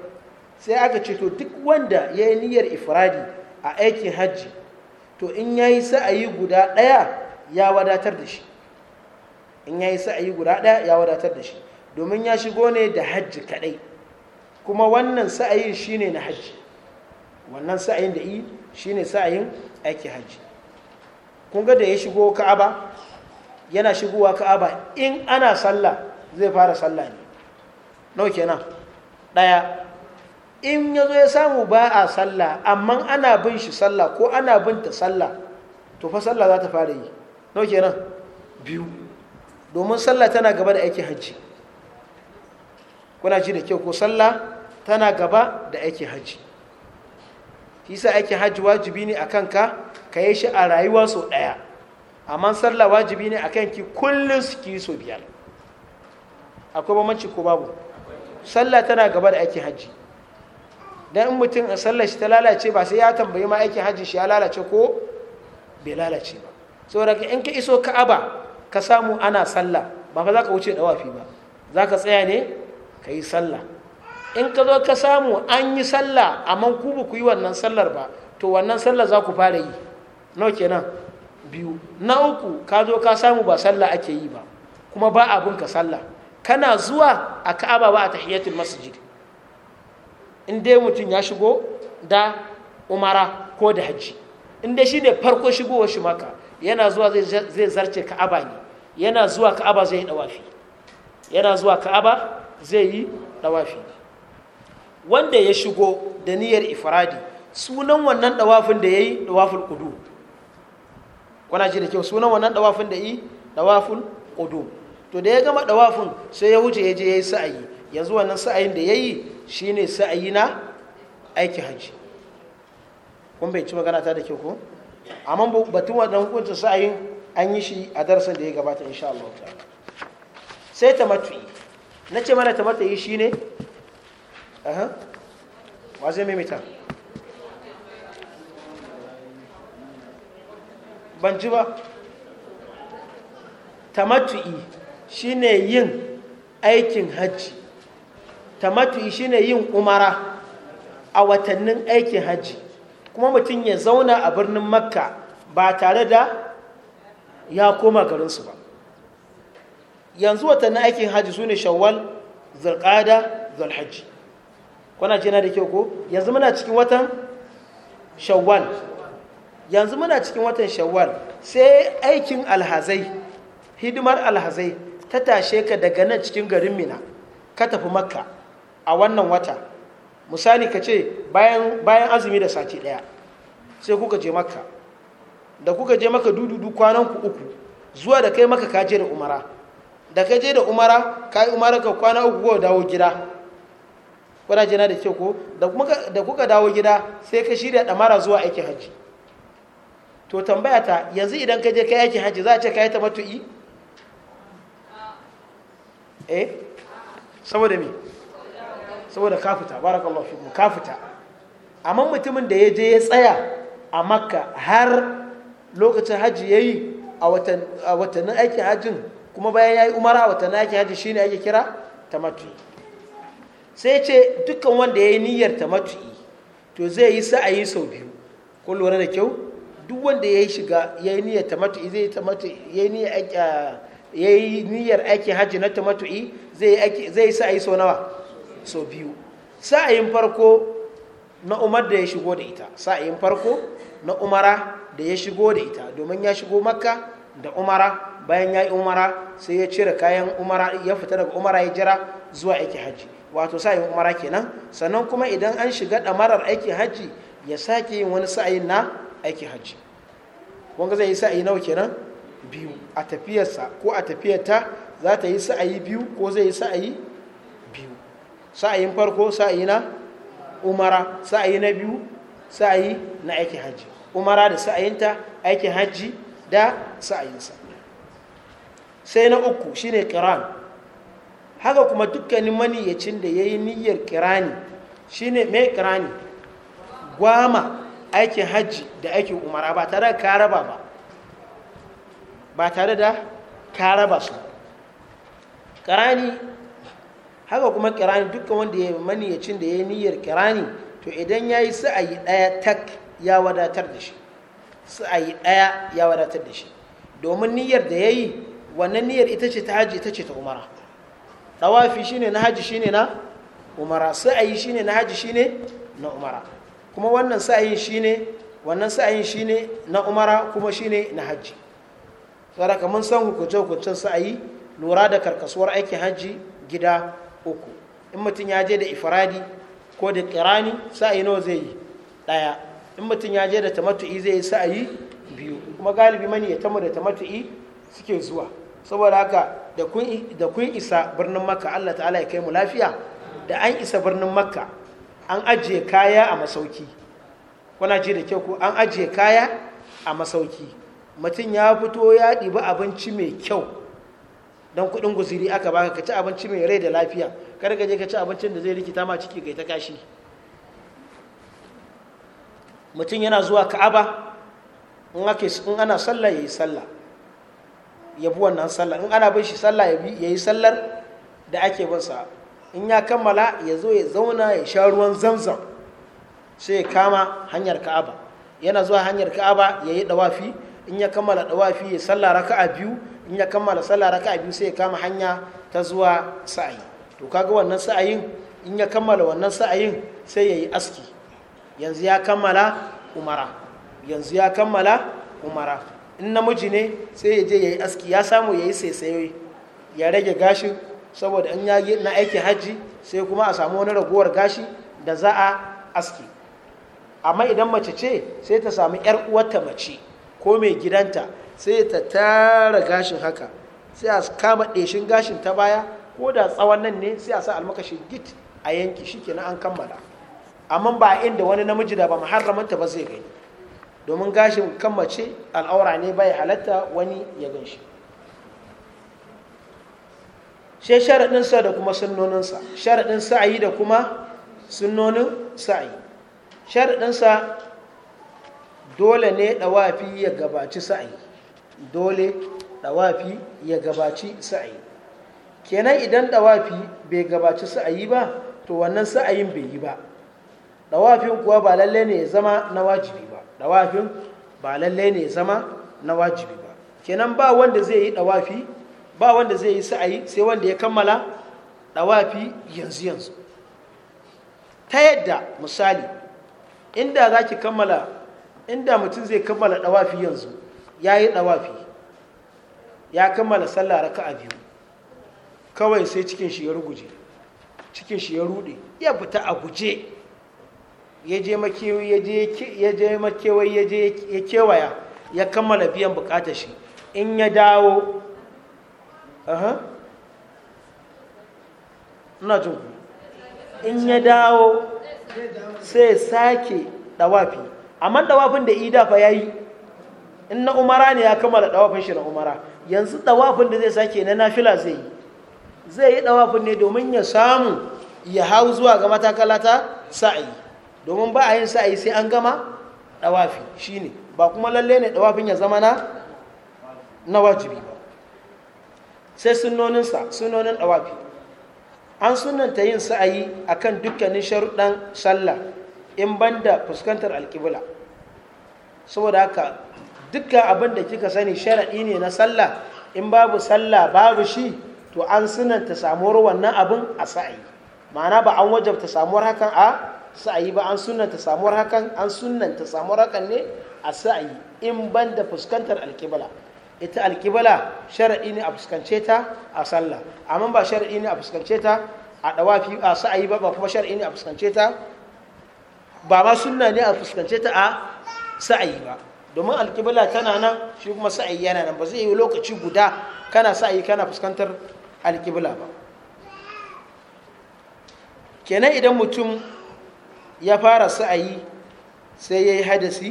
sai aka ce to duk wanda ya yi niyyar ifradi a aikin hajji to in ya yi sa'ayi guda ɗaya ya wadatar da shi in ya yi sa'ayi guda ɗaya ya wadatar da shi domin ya shigo ne da hajji kadai kuma wannan sa'ayin shine na hajji wannan sa'ayin da yi ne sa'ayin aiki hajji kun ga da ya shigo ka'aba yana shigowa ka'aba in ana sallah zai fara sallah ne nau na ɗaya in ya zo ya samu ba a sallah amma ana bin shi sallah ko ana bin ta sallah to fa sallah za ta fara yi nau na biyu domin sallah tana gaba da aikin hajji kuna ji da kyau ko sallah tana gaba da aiki hajji shi sa aikin hajji wajibi ne akan ka ka yi shi a rayuwa sau ɗaya amma sallah wajibi ne akan ki kullum su ki so biyar akwai bambanci ko babu sallah tana gaba da aikin hajji dan mutum a sallar shi ta lalace ba sai ya tambayi ma aikin hajji shi ya lalace ko bai lalace ba saboda in ka iso ka aba ka samu ana sallah ba fa za ka wuce dawafi ba za ka tsaya ne ka yi sallah in ka zo ka samu an yi sallah amma ku ba ku yi wannan sallar ba to wannan sallar za ku fara yi nawa kenan biyu na uku ka zo ka samu ba sallah ake yi ba kuma ba abin ka sallah kana zuwa a ka'aba ba a tahiyatul masjid in dai mutum ya shigo da umara ko da hajji in dai shine farko shigowar shi maka yana zuwa zai zarce ka'aba ne yana zuwa ka'aba zai yi dawafi yana zuwa ka'aba zai yi dawafi wanda ya shigo da niyyar ifradi sunan wannan dawafin da yayi dawaful qudu kuna ji da kyau sunan wannan dawafin da yi dawaful qudu to da ya gama dawafin sai ya wuce ya je yayi sa'ayi yanzu wannan sa'ayin da yayi shine sa'ayi na aiki haji kun bai ci magana ta da kyau ko amma batun wannan hukuncin sa'ayin an yi shi a darasin da ya gabata insha Allah ta sai na nace mana ta shi shine zai mimita? ban ji ba tamatu'i shine yin aikin hajji tamatu'i shine yin umara a watannin aikin hajji kuma mutum ya zauna a birnin makka ba tare da ya koma garinsu ba yanzu watannin aikin hajji su ne shawwal zulqada zulhajji ce na da kyau ko yanzu muna cikin watan shawwal yanzu muna cikin watan shawwal sai aikin alhazai hidimar alhazai ta tashe ka daga nan cikin garin mina ka tafi makka a wannan wata misali ka ce bayan azumi da sati daya sai kuka je makka da kuka je maka dududu kwananku uku zuwa da kai maka kaje da umara da kaje da umara kai umara ka kwana uku ko dawo gida kuna jina da kyau ko da kuka dawo gida sai ka shirya damara zuwa aikin hajji to tambaya ta yanzu idan ka je kai aikin hajji za a ce ka yi matu'i? eh saboda me saboda kafuta fita barakallahu fi ka kafuta amma mutumin da ya je ya tsaya a makka har lokacin hajji ya yi a watannin aikin hajjin kuma bayan ya yi umara a watannin aikin hajji shine ake kira ta matu'i sai ce dukkan wanda ya yi niyyar ta matu'i to zai yi sa'ayi sau biyu ko lura da kyau duk wanda ya yi shiga ya yi niyyar ta matu'i zai ya yi niyyar aiki hajji na ta matu'i zai yi sa'ayi sau nawa sau biyu sa'ayin farko na umar da ya shigo da ita sa'ayin farko na umara da ya shigo da ita domin ya shigo makka da umara bayan ya yi umara sai ya cire kayan umara ya fita daga umara ya jira zuwa aiki hajji wato sa'ayin umara kenan sannan kuma idan an shiga ɗamarar aiki hajji ya sake yin wani sa'ayin na aikin hajji wanga zai yi sa'ayi nawa kenan biyu a tafiyarsa ko a tafiyarta za ta yi sa'ayi biyu ko zai yi sa'ayi biyu sa'ayin farko sa'ayi na umara sa'ayi na biyu sa'ayi na aikin hajji umara da sa'ayinta aikin hajji da sa'ayinsa sai na uku shine ne haka kuma dukkanin maniyyacin da ya yi niyyar kirani shine mai kirani gwama aikin hajji da aikin umara ba tare da ka raba ba ba tare da ka raba su kirani haka kuma kirani dukkan wanda ya yi maniyyacin da ya yi niyyar kirani to idan ya yi sa'ayi daya tak ya wadatar da shi sa'ayi ɗaya ya wadatar da shi domin niyyar da ya yi wannan niyyar ita ce ta hajji ita ce ta umara tawafi shine na haji shine na umara sa'ayi shine na haji shine na umara kuma wannan sa'ayin shine wannan shine na umara kuma shine na haji tsara mun san hukunce hukuncen sa'ayi lura da karkasuwar aikin haji gida uku in mutum ya je da ifradi ko da kirani sa'ayi nawa zai yi daya in mutum ya je da tamatu'i zai yi sa'ayi biyu kuma galibi mani ya tamu da tamatu'i suke zuwa saboda haka da kun isa birnin makka allah ta'ala ya kai mu lafiya da an isa birnin makka an ajiye kaya a masauki kuna ji da kyau ku? an ajiye kaya a masauki mutum ya fito ya ɗiba abinci mai kyau don kuɗin guziri aka baka ka ci abinci mai rai da lafiya Kada ka je ka ci abincin da zai rikita ma ciki kai ta kashi mutum yana zuwa ka'aba in ana sallah ya yi sallah ya bi wannan sallar in ana bin shi sallah ya yi sallar da ake bin sa in ya kammala ya zo ya zauna ya sha ruwan zamzam sai ya kama hanyar ka'aba yana zuwa hanyar ka'aba ya yi dawafi in ya kammala dawafi ya sallah raka'a biyu in ya kammala sallah raka'a biyu sai ya kama hanya ta zuwa sa'ayi to kaga wannan sa'ayin in ya kammala wannan sa'ayin sai ya yi aski yanzu ya kammala umara yanzu ya kammala umara in namiji ne sai ya je ya yi aski ya samu ya yi saisayoyi ya rage gashin saboda in ya na aiki hajji sai kuma a samu wani ragowar gashi da za a aski amma idan mace ce sai ta samu yar uwarta mace ko mai gidanta sai ta tara gashin haka sai a kama ɗeshin gashin ta baya ko da tsawon nan ne sai a sa almakashin git a yanki shikenan an kammala amma ba inda wani namiji da ba muharramanta ba zai gani domin gashin kan mace al'aura ne bai halatta wani ya gan shi sai sharaɗinsa da kuma sunnoninsa sharaɗin sa'ayi da kuma sunnonin sa'ayi sharaɗinsa dole ne ɗawafi ya gabaci sa'ayi dole ɗawafi ya gabaci sa'ayi kenan idan ɗawafi bai gabaci sa'ayi ba to wannan sa'ayin bai yi ba ɗawafin kuwa ba lalle ne ya zama na wajibi ba dawafin ba lallai ne zama na wajibi ba kenan ba wanda zai yi dawafi ba wanda zai yi sa'ayi sai wanda ya kammala dawafi yanzu yanzu ta yadda misali inda za ki kammala inda mutum zai kammala dawafi yanzu ya yi dawafi ya kammala sallah raka a biyu kawai sai cikin shi ya ruguje cikin shi ya rude ya fita a guje ya je makewai ya je ya kewaya ya kammala biyan bukatar shi in ya dawo ina jin ku in ya dawo sai sake dawafi amma dawafin da ida fa yayi in na umara ne ya kammala dawafin shi na umara yanzu dawafin da zai sake na nafila zai yi zai yi dawafin ne domin ya samu ya hau zuwa ga matakala ta sa'i domin ba a yin sa'ayi sai an gama dawafi shine ba kuma lalle ne dawafin ya zama na na wajibi ba sai sunnoninsa sunonin dawafi an sunanta yin sa'ayi akan dukkanin sharuɗan sallah in banda fuskantar alƙibla saboda haka dukkan abin da kika sani sharaɗi ne na sallah in babu sallah babu shi to an sunanta samuwar wannan abin a sa'ayi ma'ana ba an wajabta samuwar hakan a sa'ayi ba an sunanta samuwar hakan an sunanta samuwar hakan ne a sa'ayi in ban da fuskantar alkibala ita alkibala shara'i ne a fuskance ta a sallah amma ba shara'i ne a fuskance ta a dawafi a sa'ayi ba ba kuma shara'i ne a fuskance ta ba ma sunna ne a fuskance ta a sa'ayi ba domin alkibala tana nan shi kuma sa'ayi yana nan ba zai yi lokaci guda kana sa'ayi kana fuskantar alkibala ba kenan idan mutum ya fara sa'ayi sai ya yi hadasi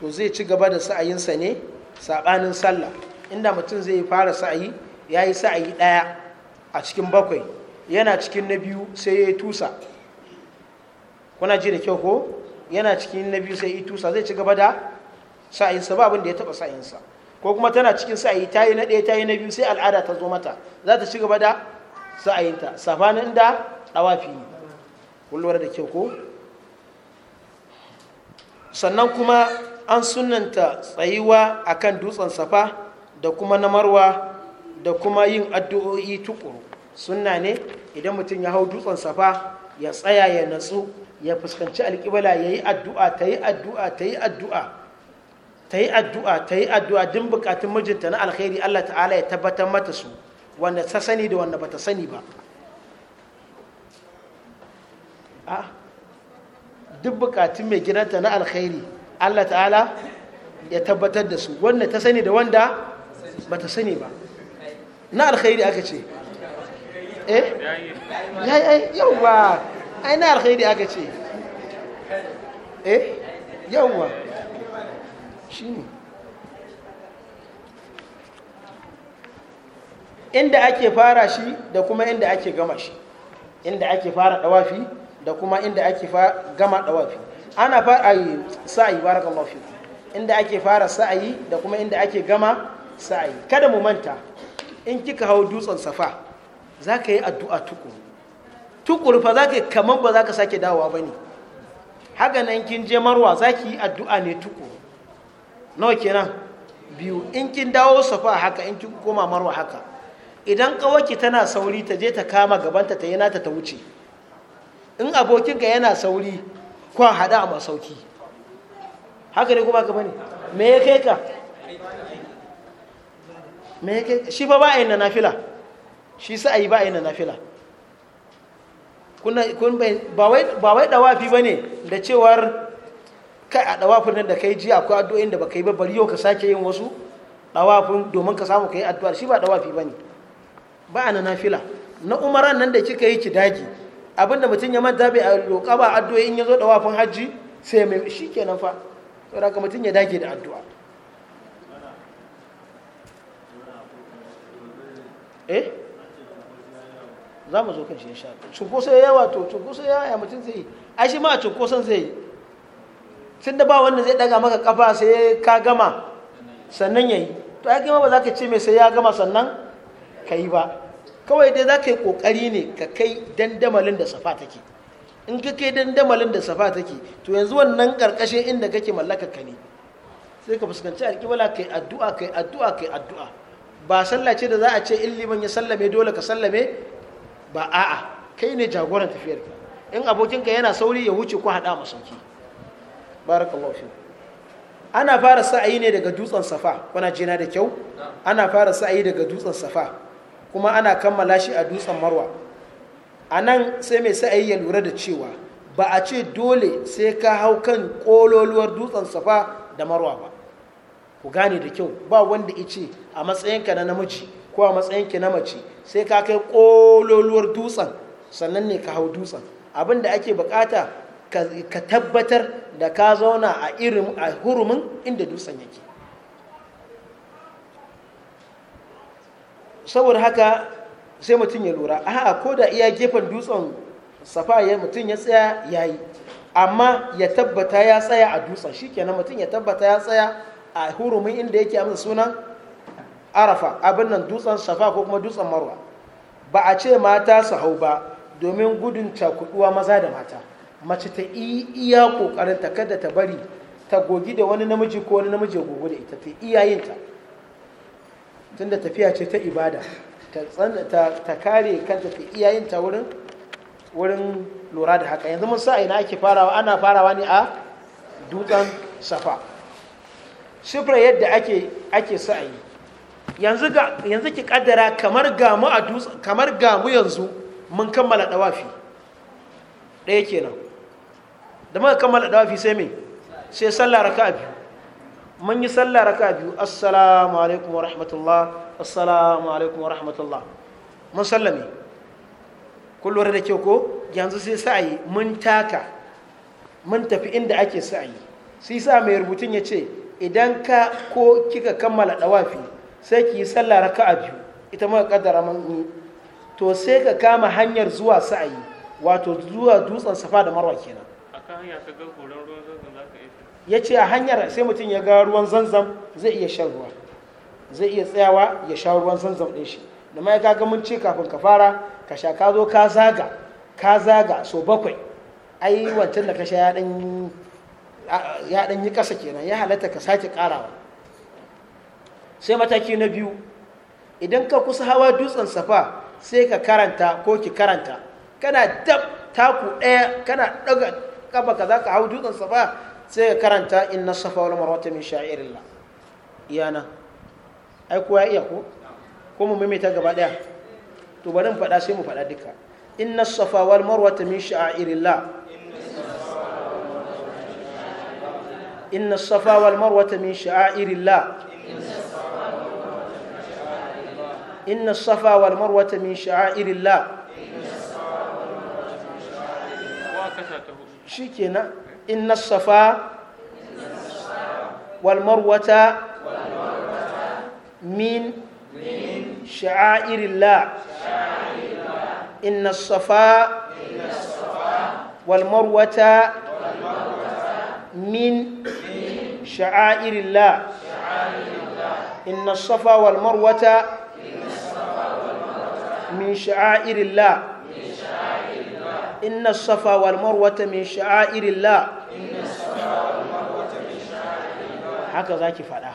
to zai ci gaba da sa'ayinsa ne saɓanin sallah inda mutum zai fara sa'ayi ya yi sa'ayi ɗaya a cikin bakwai yana cikin na biyu sai ya yi tusa kuna ji da kyau ko yana cikin na biyu sai ya yi tusa zai ci gaba da sa'ayinsa ba abin da ya taɓa sa'ayinsa ko kuma tana cikin sa'ayi ta yi na ɗaya ta yi na biyu sai al'ada ta zo mata za ta ci gaba da sa'ayinta safanin da ɗawafi ne kun da kyau ko sannan kuma an sunanta tsayuwa akan dutsen safa da kuma na da kuma yin addu'o'i tukuru sunna ne idan mutum ya hau dutsen safa ya tsaya ya natsu ya fuskanci alƙibala ya yi addu'a ta yi addu'a ta yi addu'a ta yi addu'a ta yi addu'a din bukatun mijinta na alkhairi Allah ta'ala ya tabbatar mata su wanda ta sani da wanda ta sani ba ah. duk bukatun mai gidanta na alkhairi Allah ta'ala ya tabbatar da su wanda ta sani da wanda ba ta sani ba na alkhairi aka ce eh yawwa ai na alkhairi aka ce eh yawwa shine inda ake fara shi da kuma inda ake gama shi inda ake fara dawafi da kuma inda ake gama dawafi ana fara sa'ayi barakallahu fi inda ake fara sa'ayi da kuma inda ake gama sa'ayi kada mu manta in kika hau dutsen safa za ka yi addu'a tukuru tukuru fa za ka yi kamar ba za ka sake dawowa ba ne haka nan kin je marwa za ki yi addu'a ne tukuru nawa kenan biyu in kin dawo safa haka in kin koma marwa haka idan kawaki tana sauri ta je ta kama gabanta ta yi nata ta wuce in abokinka yana sauri kwan hada a masauki haka ne kuma gaba ne me ya kai ka me ya shi ba ba a yi na nafila shi sa a yi ba a yi na nafila ba wai dawafi ba ne da cewar kai a dawafin nan da kai ji akwai addu'o'in da ba ka yi ba bari yau ka sake yin wasu dawafin domin ka samu ka yi addu'ar shi ba dawafi ba ne ba a na nafila na umaran nan da kika yi ki daji abinda mutum ya manta bai a roƙa ba addu'a in ya zo da wafin hajji sai mai shi ke nan fa saboda ka mutum ya dage da addu'a eh za mu zo kan shi ya sha cunkoso ya yawa to cunkoso ya yaya mutum zai yi a shi ma a cunkoson zai yi tun da ba wanda zai daga maka kafa sai ka gama sannan ya yi to ai kai ma ba za ka ce mai sai ya gama sannan ka yi ba kawai dai za ka yi ƙoƙari ne ka kai dandamalin da safa take in ka kai dandamalin da safa take to yanzu wannan ƙarƙashin inda kake mallaka ka ne sai ka fuskanci alƙibla kai addu'a kai addu'a kai addu'a ba sallah ce da za a ce in liman ya sallame dole ka sallame ba a'a kai ne jagoran tafiyar ka in abokinka yana sauri ya wuce ko haɗa masauki barakallahu fi ana fara sa'ayi ne daga dutsen safa kuna jina da kyau ana fara sa'ayi daga dutsen safa kuma ana kammala shi a dutsen marwa a nan sai mai sa'ayi ya lura da cewa ba a ce dole sai ka hau kan ƙololuwar dutsen safa da marwa ba ku gane da kyau ba wanda ce a matsayinka na namiji ko a matsayinki na mace sai ka kai ƙololuwar dutsen sannan ne ka hau dutsen abin da ake bukata ka tabbatar da ka zauna a hurumin inda dutsen yake saboda haka sai mutum ya lura a'a ko da iya gefen dutsen safa ya mutum ya tsaya ya yi amma ya tabbata ya tsaya a dutsen shi kenan mutum ya tabbata ya tsaya a hurumin inda yake amsa sunan arafa abin nan dutsen safa ko kuma dutsen marwa ba a ce mata su hau ba domin gudun cakuduwa maza da mata mace ta iya kokarin ta kada ta bari ta gogi da wani namiji ko wani namiji ya gogo da ita ta iya yin tunda tafiya ce ta ibada ta kare kanta ta ta wurin wurin lura da haka yanzu mun sa ina ake farawa ana farawa ne a dutsen safa shifra yadda ake ake sa'ayi yanzu yanzu ki kaddara kamar gamu yanzu mun kammala dawafi ɗaya kenan da muka kammala dawafi sai mai sai sallah raka'a biyu mun yi sallah raka biyu assalamu alaikum wa rahmatullah assalamu alaikum wa rahmatullah mun sallame kullum da kyau ko yanzu sai sa'ayi mun taka mun tafi inda ake sa'ayi sai sa mai rubutun ya ce idan ka ko kika kammala dawafi sai ki yi sallah raka biyu ita muka kaddara mun yi to sai ka kama hanyar zuwa sa'ayi wato zuwa dutsen safa da marwa kenan akan hanya ka ga horon ruwan zanzan zaka yi ya ce a hanyar sai mutum ya ga ruwan zanzam zai iya shan ruwa zai iya tsayawa ya sha ruwan zanzam ɗin shi da ma ya mun ce kafin ka fara ka sha ka zo ka zaga ka zaga so bakwai ai wancan da ka sha ya ɗan yi ƙasa kenan ya halatta ka sake ƙarawa sai mataki na biyu idan ka kusa hawa dutsen safa sai ka karanta ko ki karanta kana dab taku ɗaya kana ɗaga kafa ka za ka hau dutsen safa sai ka karanta inna safa wal marwata min sha'irillah iyana ai kowa iya ko ko mu maimaita gaba daya to bari mu faɗa sai mu faɗa duka inna safa wal marwata min sha'irillah إن الصفا والمروة من شعائر الله إن الصفا والمروة من شعائر الله شكنا إن الصفا والمروة من شعائر الله إن الصفا والمروة من شعائر الله إن الصفا والمروة من شعائر الله إن الصفا والمروة من شعائر الله haka za ki faɗa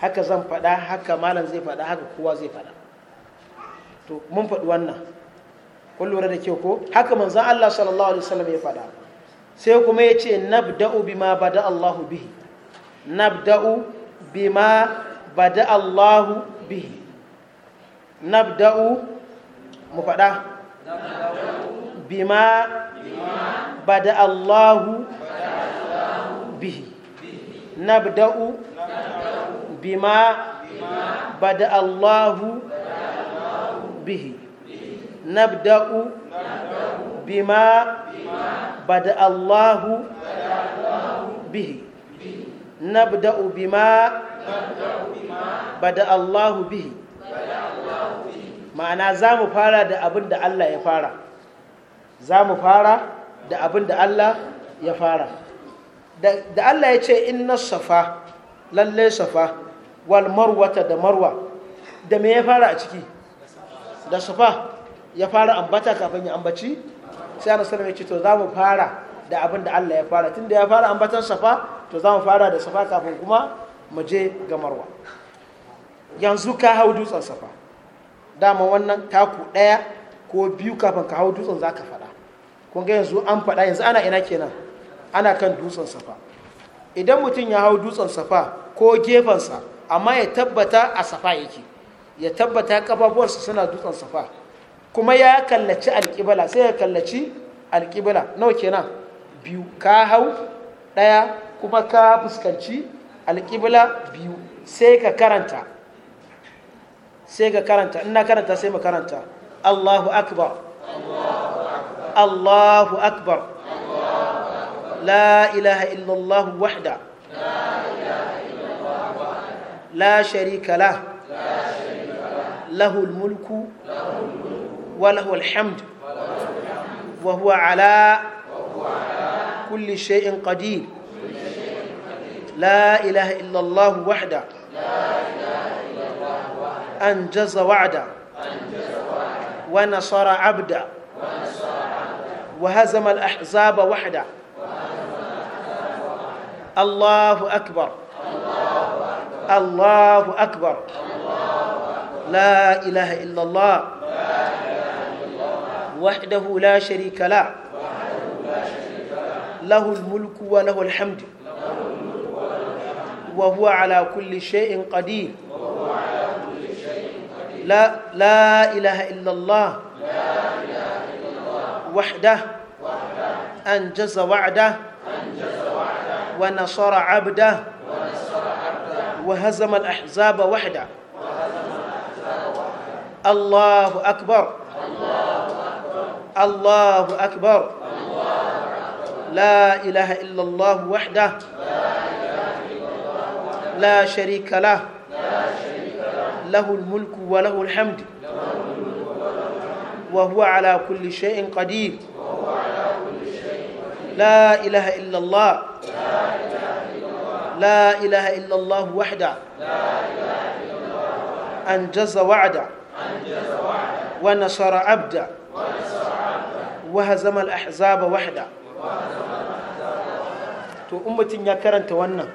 haka zan fada haka malam zai fada haka kowa zai fada to mun faɗi wannan kun lura da kyau ko haka manzan Allah sallallahu alaihi wasallam ya fada sai kuma ya ce nabda'u bima bada Allahu bihi nabda'u bima bada Allahu bihi nabda'u mu faɗa bima bada Allahu bihi nabda'u bima bada Allahu bihi nabda'u bima bada Allahu bihi nabda'u bima bada Allahu bihi ma'ana za mu fara da abin da Allah ya fara za mu fara da abin da Allah ya fara da Allah ya ce inna safa lalle safa wal marwata da marwa da me ya fara a ciki da safa ya fara ambata kafin ya ambaci sai ana sanar ya ce to za mu fara da abin da Allah ya fara tun da ya fara ambatan safa to za mu fara da safa kafin kuma mu je ga marwa yanzu ka hau dutsen safa dama wannan taku ɗaya ko biyu kafin ka hau dutsen za ka fara kunga yanzu an faɗa yanzu ana ina kenan ana kan dutsen safa idan mutum ya hau dutsen safa ko gefensa amma ya tabbata a safa yake ya tabbata kafafuwarsa suna dutsen safa kuma ya kallaci alƙibala sai ya kallaci alƙibala nawa kenan biyu ka hau ɗaya kuma ka fuskanci alkibala biyu sai ka karanta sai ka karanta ina karanta sai mu karanta Allahu akbar الله أكبر لا إله إلا الله وحده لا شريك له له الملك وله الحمد وهو على كل شيء قدير لا إله إلا الله وحده أنجز وعده ونصر عبده وهزم الأحزاب وحده الله أكبر الله أكبر لا إله إلا الله وحده لا شريك له له الملك وله الحمد وهو على كل شيء قدير لا لا إله إلا الله وحده أنجز وعده ونصر عبده وهزم الأحزاب وحده الله أكبر الله أكبر لا إله إلا الله وحده لا شريك له له الملك وله الحمد وهو على كل شيء قدير لا إله إلا الله لا إله إلا الله وحده أنجز وعده ونصر عبده وهزم الأحزاب وحده to ummatin mutum ya karanta wannan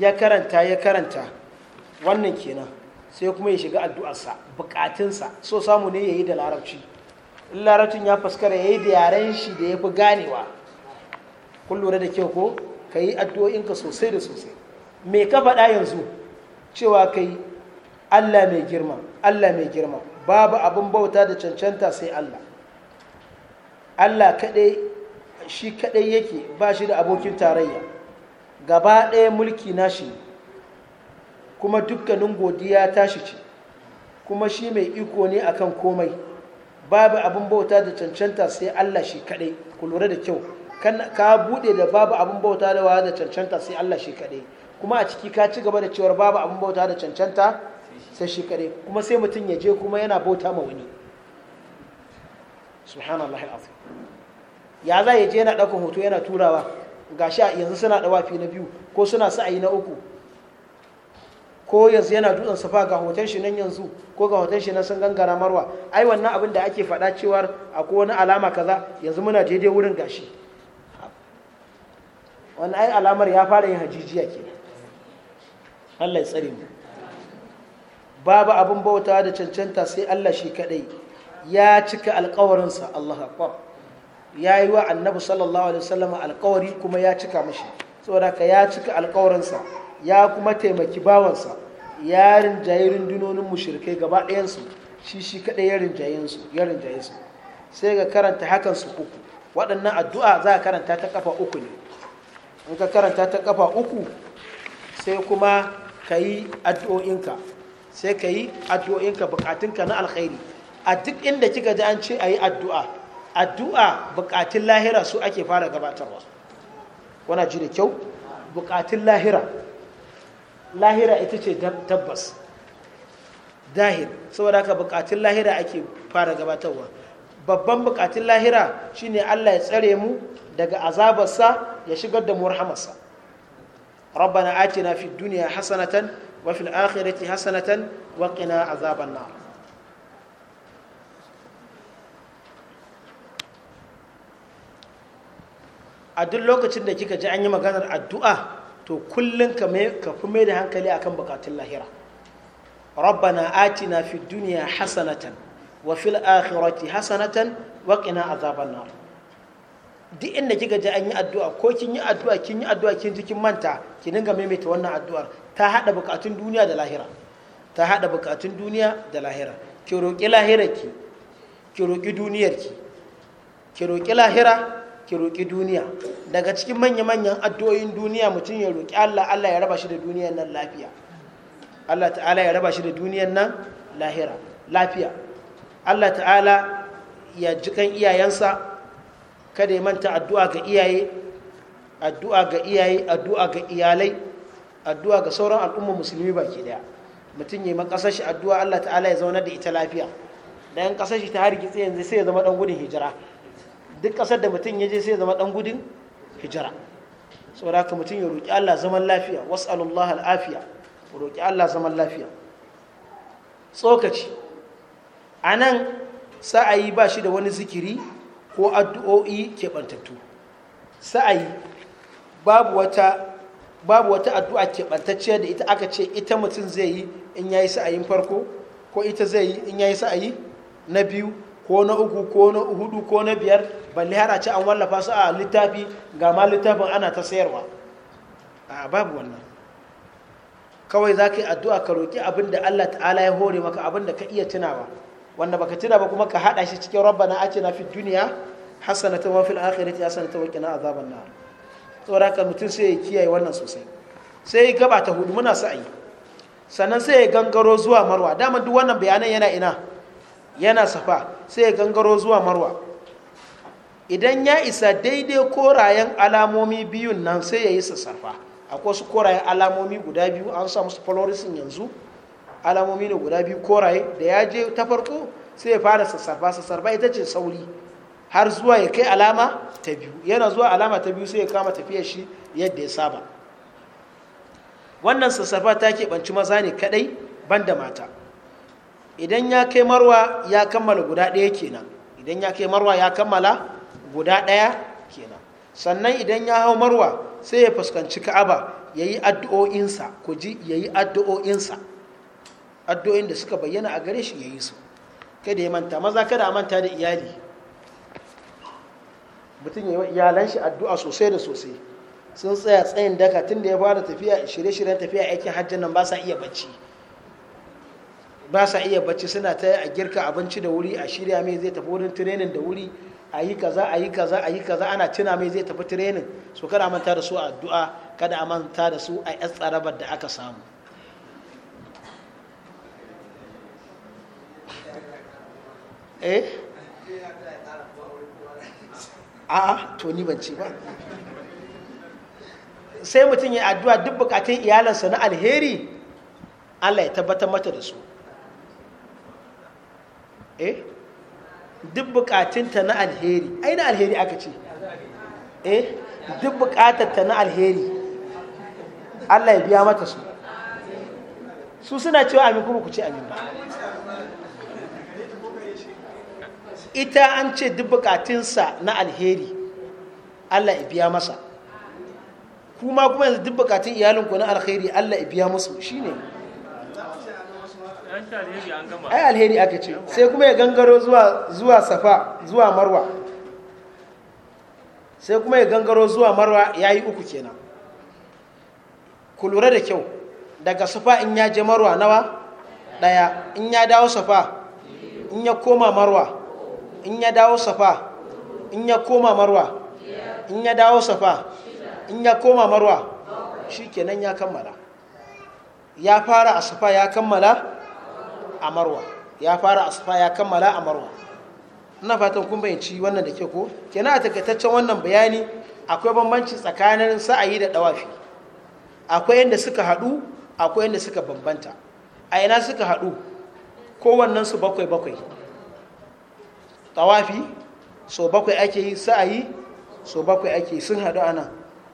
ya karanta ya karanta wannan kenan sai kuma ya shiga addu'arsa bukatunsa so samu ne ya yi da larabci in larabcin ya fuskara ya yi da yaren shi da ya fi ganewa kun lura da kyau ko ka yi addu'o'inka sosai da sosai me ka faɗa yanzu cewa kai allah mai girma allah mai girma babu abin bauta da cancanta sai allah allah kaɗai shi kaɗai yake ba shi da abokin tarayya gaba ɗaya mulki nashi kuma dukkanin godiya tashi ce kuma shi mai iko ne akan komai babu abin bauta da cancanta sai Allah shi kaɗai ku lura da kyau ka buɗe da babu abin bauta da wa da cancanta sai Allah shi kaɗai kuma a ciki ka ci gaba da cewar babu abin bauta da cancanta sai shi kaɗai kuma sai mutum ya je kuma yana bauta ma wani subhanallah al'azim ya za ya je yana ɗaukar hoto yana turawa gashi yanzu suna ɗawafi na biyu ko suna sa'ayi na uku ko yanzu yana dutsen safa ga hoton shi nan yanzu ko ga hoton shi na sun gangara marwa ai wannan abin da ake faɗa cewa akwai wani alama kaza yanzu muna daidai wurin gashi wannan ai alamar ya fara yin hajijiya ke Allah ya tsare mu babu abin bautawa da cancanta sai Allah shi kadai ya cika alkawarinsa Allah akbar ya yi wa annabi sallallahu alaihi wasallam alƙawari kuma ya cika mashi saboda ka ya cika alkawarinsa ya kuma taimaki bawansa ya rinjaye rundunonin mushrikai gaba ɗayansu shi shi kaɗai ya rinjaye su ya rinjaye su sai ga karanta hakan su uku waɗannan addu'a za a karanta ta kafa uku ne in ka karanta ta kafa uku sai kuma ka yi addu'o'inka sai ka yi addu'o'inka bukatunka na alkhairi a duk inda kika ji an ce a yi addu'a addu'a bukatun lahira su ake fara gabatarwa wana ji da kyau bukatun lahira lahira ita ce tabbas dahil saboda haka bukatun lahira ake fara gabatarwa babban bukatun lahira shine Allah ya tsare mu daga azabarsa ya shigar da mu rahamarsa rabbana atina fid dunya hasanatan wa fil akhirati hasanatan wa qina azaban nar a duk lokacin da kika ji an yi maganar addu'a to kullum ka fi mai da hankali akan bukatun lahira rabbana na fi duniya hasanatan wa fil akhirati hasanatan wa qina azaban nar duk inda kika ji an yi addu'a ko kin yi addu'a kin yi addu'a kin ji manta ki dinga maimaita wannan addu'ar ta hada bukatun duniya da lahira ta hada bukatun duniya da lahira ki roki lahirarki ki roki duniyarki ki roƙi lahira ki roƙi duniya daga cikin manya-manyan addu'o'in duniya mutum ya roƙi Allah Allah ya raba shi da duniyan nan lafiya Allah ta'ala ya raba shi da duniyan nan lahira lafiya Allah ta'ala ya kan iyayensa kada ya manta addu'a ga iyaye addu'a ga iyaye addu'a ga iyalai addu'a ga sauran al'umma musulmi baki daya mutum ya yi makasar shi addu'a Allah ta'ala ya zauna da ita lafiya dan kasar shi ta hargitse yanzu sai ya zama dan gudun hijira duk ƙasar da mutum ya je sai zama ɗan gudun hijira saboda haka mutum ya roƙi Allah zaman lafiya was'alullah al'afiya roƙi Allah zaman lafiya tsokaci a nan sa'ayi ba shi da wani zikiri ko addu'o'i keɓantattu sa'ayi babu wata babu wata addu'a keɓantacciya da ita aka ce ita mutum zai yi in yayi sa'ayin farko ko ita zai yi in yayi sa'ayi na biyu ko na uku ko na hudu ko na biyar balle har a ci an wallafa su a littafi ga ma littafin ana ta sayarwa a babu wannan kawai za ka yi addu'a ka roƙi abin da Allah ta'ala ya hore maka abin da ka iya tunawa wanda baka tuna ba kuma ka haɗa shi cikin rabbana na fi duniya hasana ta fil akhirati hasana ta wakina azaban nar saboda haka mutum sai ya kiyaye wannan sosai sai ya gaba ta hudu muna sa'ayi sannan sai ya gangaro zuwa marwa dama duk wannan bayanan yana ina yana safa sai ya gangaro zuwa marwa idan ya isa daidai korayen alamomi biyun nan sai ya yi sassafa akwai wasu korayen alamomi guda biyu an sa musu florisin yanzu alamomi ne guda biyu koraye da ya je ta farko sai ya fara sassafa sassafa ita ce sauri har zuwa ya kai alama ta biyu yana zuwa alama ta biyu sai ya kama tafiyar shi yadda ya saba wannan sassafa ta keɓanci maza ne kaɗai banda mata idan ya kai marwa ya kammala guda ɗaya kenan idan ya kai marwa ya kammala guda ɗaya kenan sannan idan ya hau marwa sai ya fuskanci ka'aba ya yi addu'o'insa ku ji ya yi addu'o'insa addu'o'in da suka bayyana a gare shi ya yi su kada ya manta maza kada a manta da iyali mutum ya yi iyalan shi addu'a sosai da sosai sun tsaya tsayin daka tun da ya fara tafiya shirye-shiryen tafiya aikin hajji nan ba sa iya bacci ba sa iya bacci suna ta a girka abinci da wuri a shirya mai zai tafi wurin training da wuri a yi kaza a yi kaza a yi kaza ana tuna mai zai tafi training so kada manta da su a addu'a kada a manta da su a yan tsarabar da aka samu eh a'a to ni ban ce ba sai mutum ya addu'a duk bukatun iyalansa na alheri Allah ya tabbatar mata da su eh duk bukatunta na alheri ai na alheri aka ce eh duk bukatarta na alheri Allah ya biya mata su su suna cewa amin kuma ku ce amin ba ita an ce duk bukatunsa na alheri Allah ya biya masa kuma kuma yanzu duk bukatun iyalinku na alheri Allah ya biya musu shine ne ai alheri aka ce sai kuma ya gangaro zuwa safa zuwa marwa sai kuma ya gangaro zuwa marwa ya yi uku kenan ku lura da kyau daga safa in ya je marwa nawa ɗaya in ya dawo safa in ya koma marwa in ya dawo safa in ya koma marwa in ya dawo safa in ya koma marwa shi kenan ya kammala ya fara a safa ya kammala a marwa ya fara asfa ya kammala a marwa ina fatan kun bayyanci wannan da ke ko kenan a takaitaccen wannan bayani akwai bambanci tsakanin sa'ayi da dawafi akwai yadda suka haɗu akwai yadda suka bambanta a ina suka haɗu kowannen su bakwai bakwai tawafi so bakwai ake yi sa'ayi so bakwai ake sun haɗu ana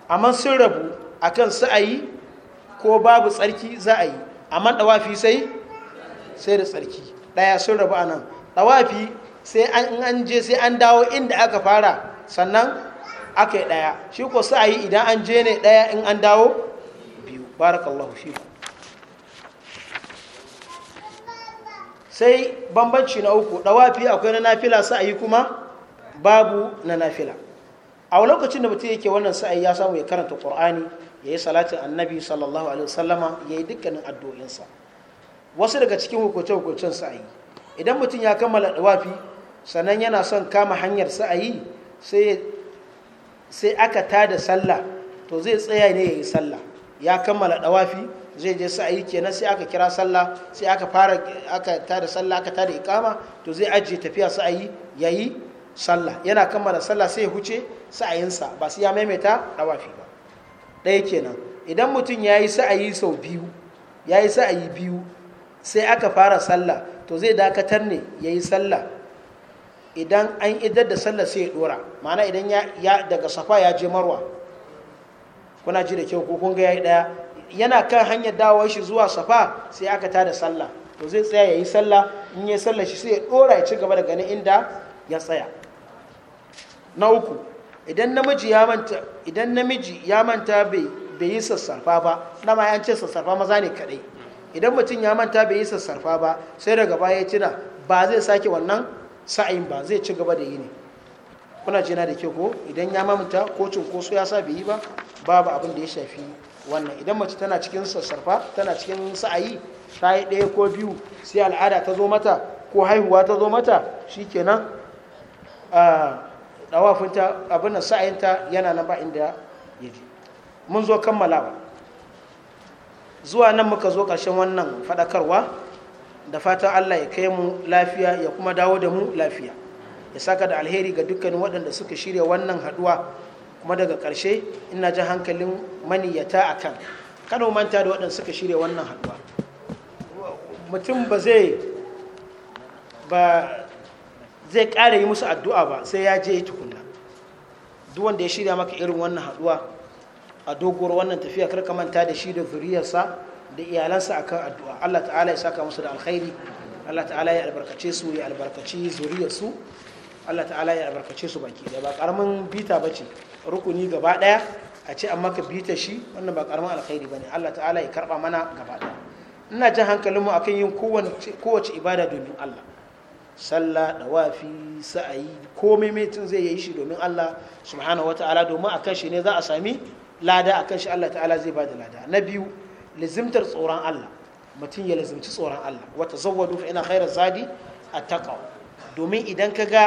amma sun rabu akan sa'ayi ko babu tsarki za a yi amma dawafi sai sai da tsarki ɗaya sun rabu a nan ɗawafi sai an je sai an dawo inda aka fara sannan aka yi ɗaya shi ko sa yi idan an je ne ɗaya in an dawo biyu barakallahu fi sai bambanci na uku ɗawafi akwai na nafila yi kuma babu na nafila a lokacin da mutum yake wannan sa'ayi ya samu ya karanta ƙur'ani ya yi salatin annabi sallallahu alaihi wasallama ya yi dukkanin addu'insa wasu daga cikin hukuce-hukucen sa'ayi idan mutum ya kammala dawafi sannan yana son kama hanyar sa'ayi sai aka tada sallah to zai tsaya ne ya yi sallah ya kammala ɗawafi zai je sa'ayi kenan sai aka kira sallah sai aka fara aka tada sallah aka tada ikama to zai ajiye tafiya sa'ayi yi sallah yana kammala sallah sai ya huce sa'ayinsa ba sai ya maimaita dawafi ba ɗaya kenan idan mutum ya yi sa'ayi sau biyu ya yi sa'ayi biyu sai aka fara sallah to zai dakatar ne ya yi sallah idan an idar da sallah sai ya dora ma'ana idan ya daga safa ya je marwa kuna ji da kyau ko kun ga ya yi daya yana kan hanyar dawo shi zuwa safa sai aka tada sallah to zai tsaya ya yi sallah in ya sallah shi sai ya dora ya ci gaba da ganin inda ya tsaya na uku idan namiji ya manta idan bai yi sassafa ba dama ya ce sassafa maza ne kadai idan mutum ya manta bai yi sassarfa ba sai daga baya ya tuna ba zai sake wannan sa'ayin ba zai ci gaba da yi ne kuna jina da ke ko idan ya mamanta ko cunkoso ya sa bai yi ba babu abin da ya shafi wannan idan mace tana cikin sassarfa tana cikin sa'ayi ta yi ɗaya ko biyu sai al'ada ta zo mata ko haihuwa ta zo mata shi kenan a ɗawafinta abin da sa'ayinta yana nan ba inda ya ji mun zo kammalawa zuwa nan muka zo ƙarshen wannan faɗakarwa da fatan allah ya kai mu lafiya ya kuma dawo da mu lafiya ya saka da alheri ga dukkanin waɗanda suka shirya wannan haɗuwa kuma daga ƙarshe ina jan hankalin maniyata a kan kano manta da waɗanda suka shirya wannan haɗuwa mutum ba zai ba zai ƙara yi musu addu'a ba sai ya je tukunna duk wanda ya shirya maka irin wannan haɗuwa a doguwar wannan tafiya kar ka manta da shi da zuriyarsa da iyalansa akan addu'a Allah ta'ala ya saka musu da alkhairi Allah ta'ala ya albarkace su ya albarkaci zuriyarsu Allah ta'ala ya albarkace su baki da ba karamin bita bace rukuni gaba daya a ce amma ka bita shi wannan ba karamin alkhairi bane Allah ta'ala ya karba mana gaba daya ina jan hankalin mu akan yin kowace ibada domin Allah sallah da wafi sa'ayi komai mai tun zai yi shi domin Allah subhanahu wataala domin a kan shi ne za a sami lada akan shi Allah ta'ala zai bada lada na biyu lazimtar tsoron Allah mutum ya lazimci tsoron Allah wata zawadu fa ina khairar zadi a taqaw domin idan ka ga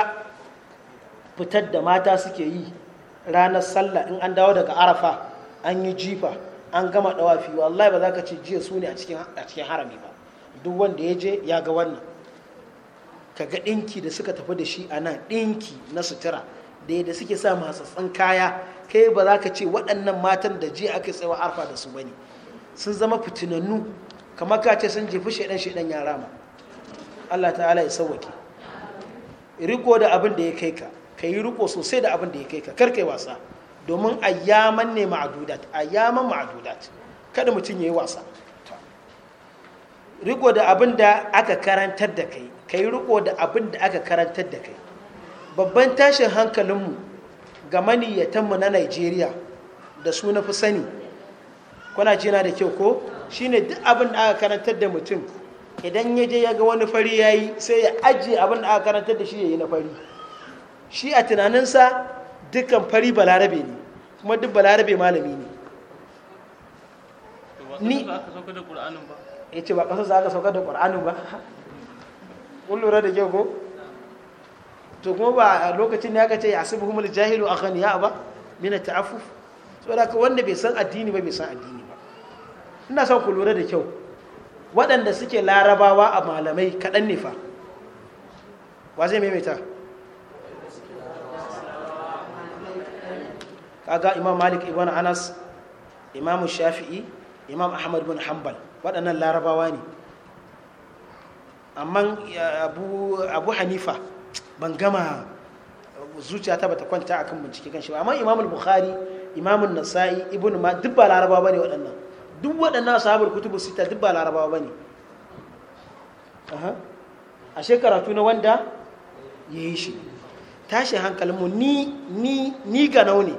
fitar da mata suke yi ranar sallah in an dawo daga arafa an yi jifa an gama dawafi wallahi ba za ka ce jiya su ne a cikin harami ba duk wanda ya je ya ga wannan ka ga ɗinki da suka tafi da shi a nan ɗinki na sutura da yadda suke sa masassan kaya kai ba za ka ce waɗannan matan da ji aka tsawa arfa da su ba ne sun zama fitinannu kamar ka ce sun jefi shaidan shaidan yara ma Allah ta'ala ya sauwake riko da abin da ya kai ka ka yi riko sosai da abin da ya kai ka karkai wasa domin ayyaman ne ma'adudat ayyaman ma'adudat kada mutum ya yi wasa riko da abin da aka karantar da kai ka yi riko da abin da aka karantar da kai babban tashin hankalinmu ga maniyyatanmu na Najeriya da su na fi sani kuna jina da kyau ko shi ne duk abin da aka karantar da mutum idan ya je ya ga wani fari ya yi sai ya ajiye abin da aka karantar da shi ya yi na fari shi a tunaninsa dukkan fari balarabe ne kuma duk balarabe malami ne ni ya eh, ce ba ƙasa za ka sauka da ƙur'anin ba kun lura da kyau ko to kuma ba a lokacin ya kace ya sabu kuma jahilu a ghaniya ba mina ta'affuf So da wanda bai san addini ba bai san addini ba ina son ku lura da kyau waɗanda suke larabawa a malamai kaɗan ne fa wa zai maimaita kaga imam malik ibn anas imam shafi'i imam ahmad bin hanbal waɗannan larabawa ne amma abu hanifa ban gama zuciya ta bata kwanta akan bincike kan shi ba amma imamul bukhari imamul nasa'i ibnu ma duk ba laraba bane waɗannan duk waɗannan sahabar kutubu sita duk ba laraba bane aha ashe karatu na wanda yayi shi tashi hankalin mu ni ni ni ga naune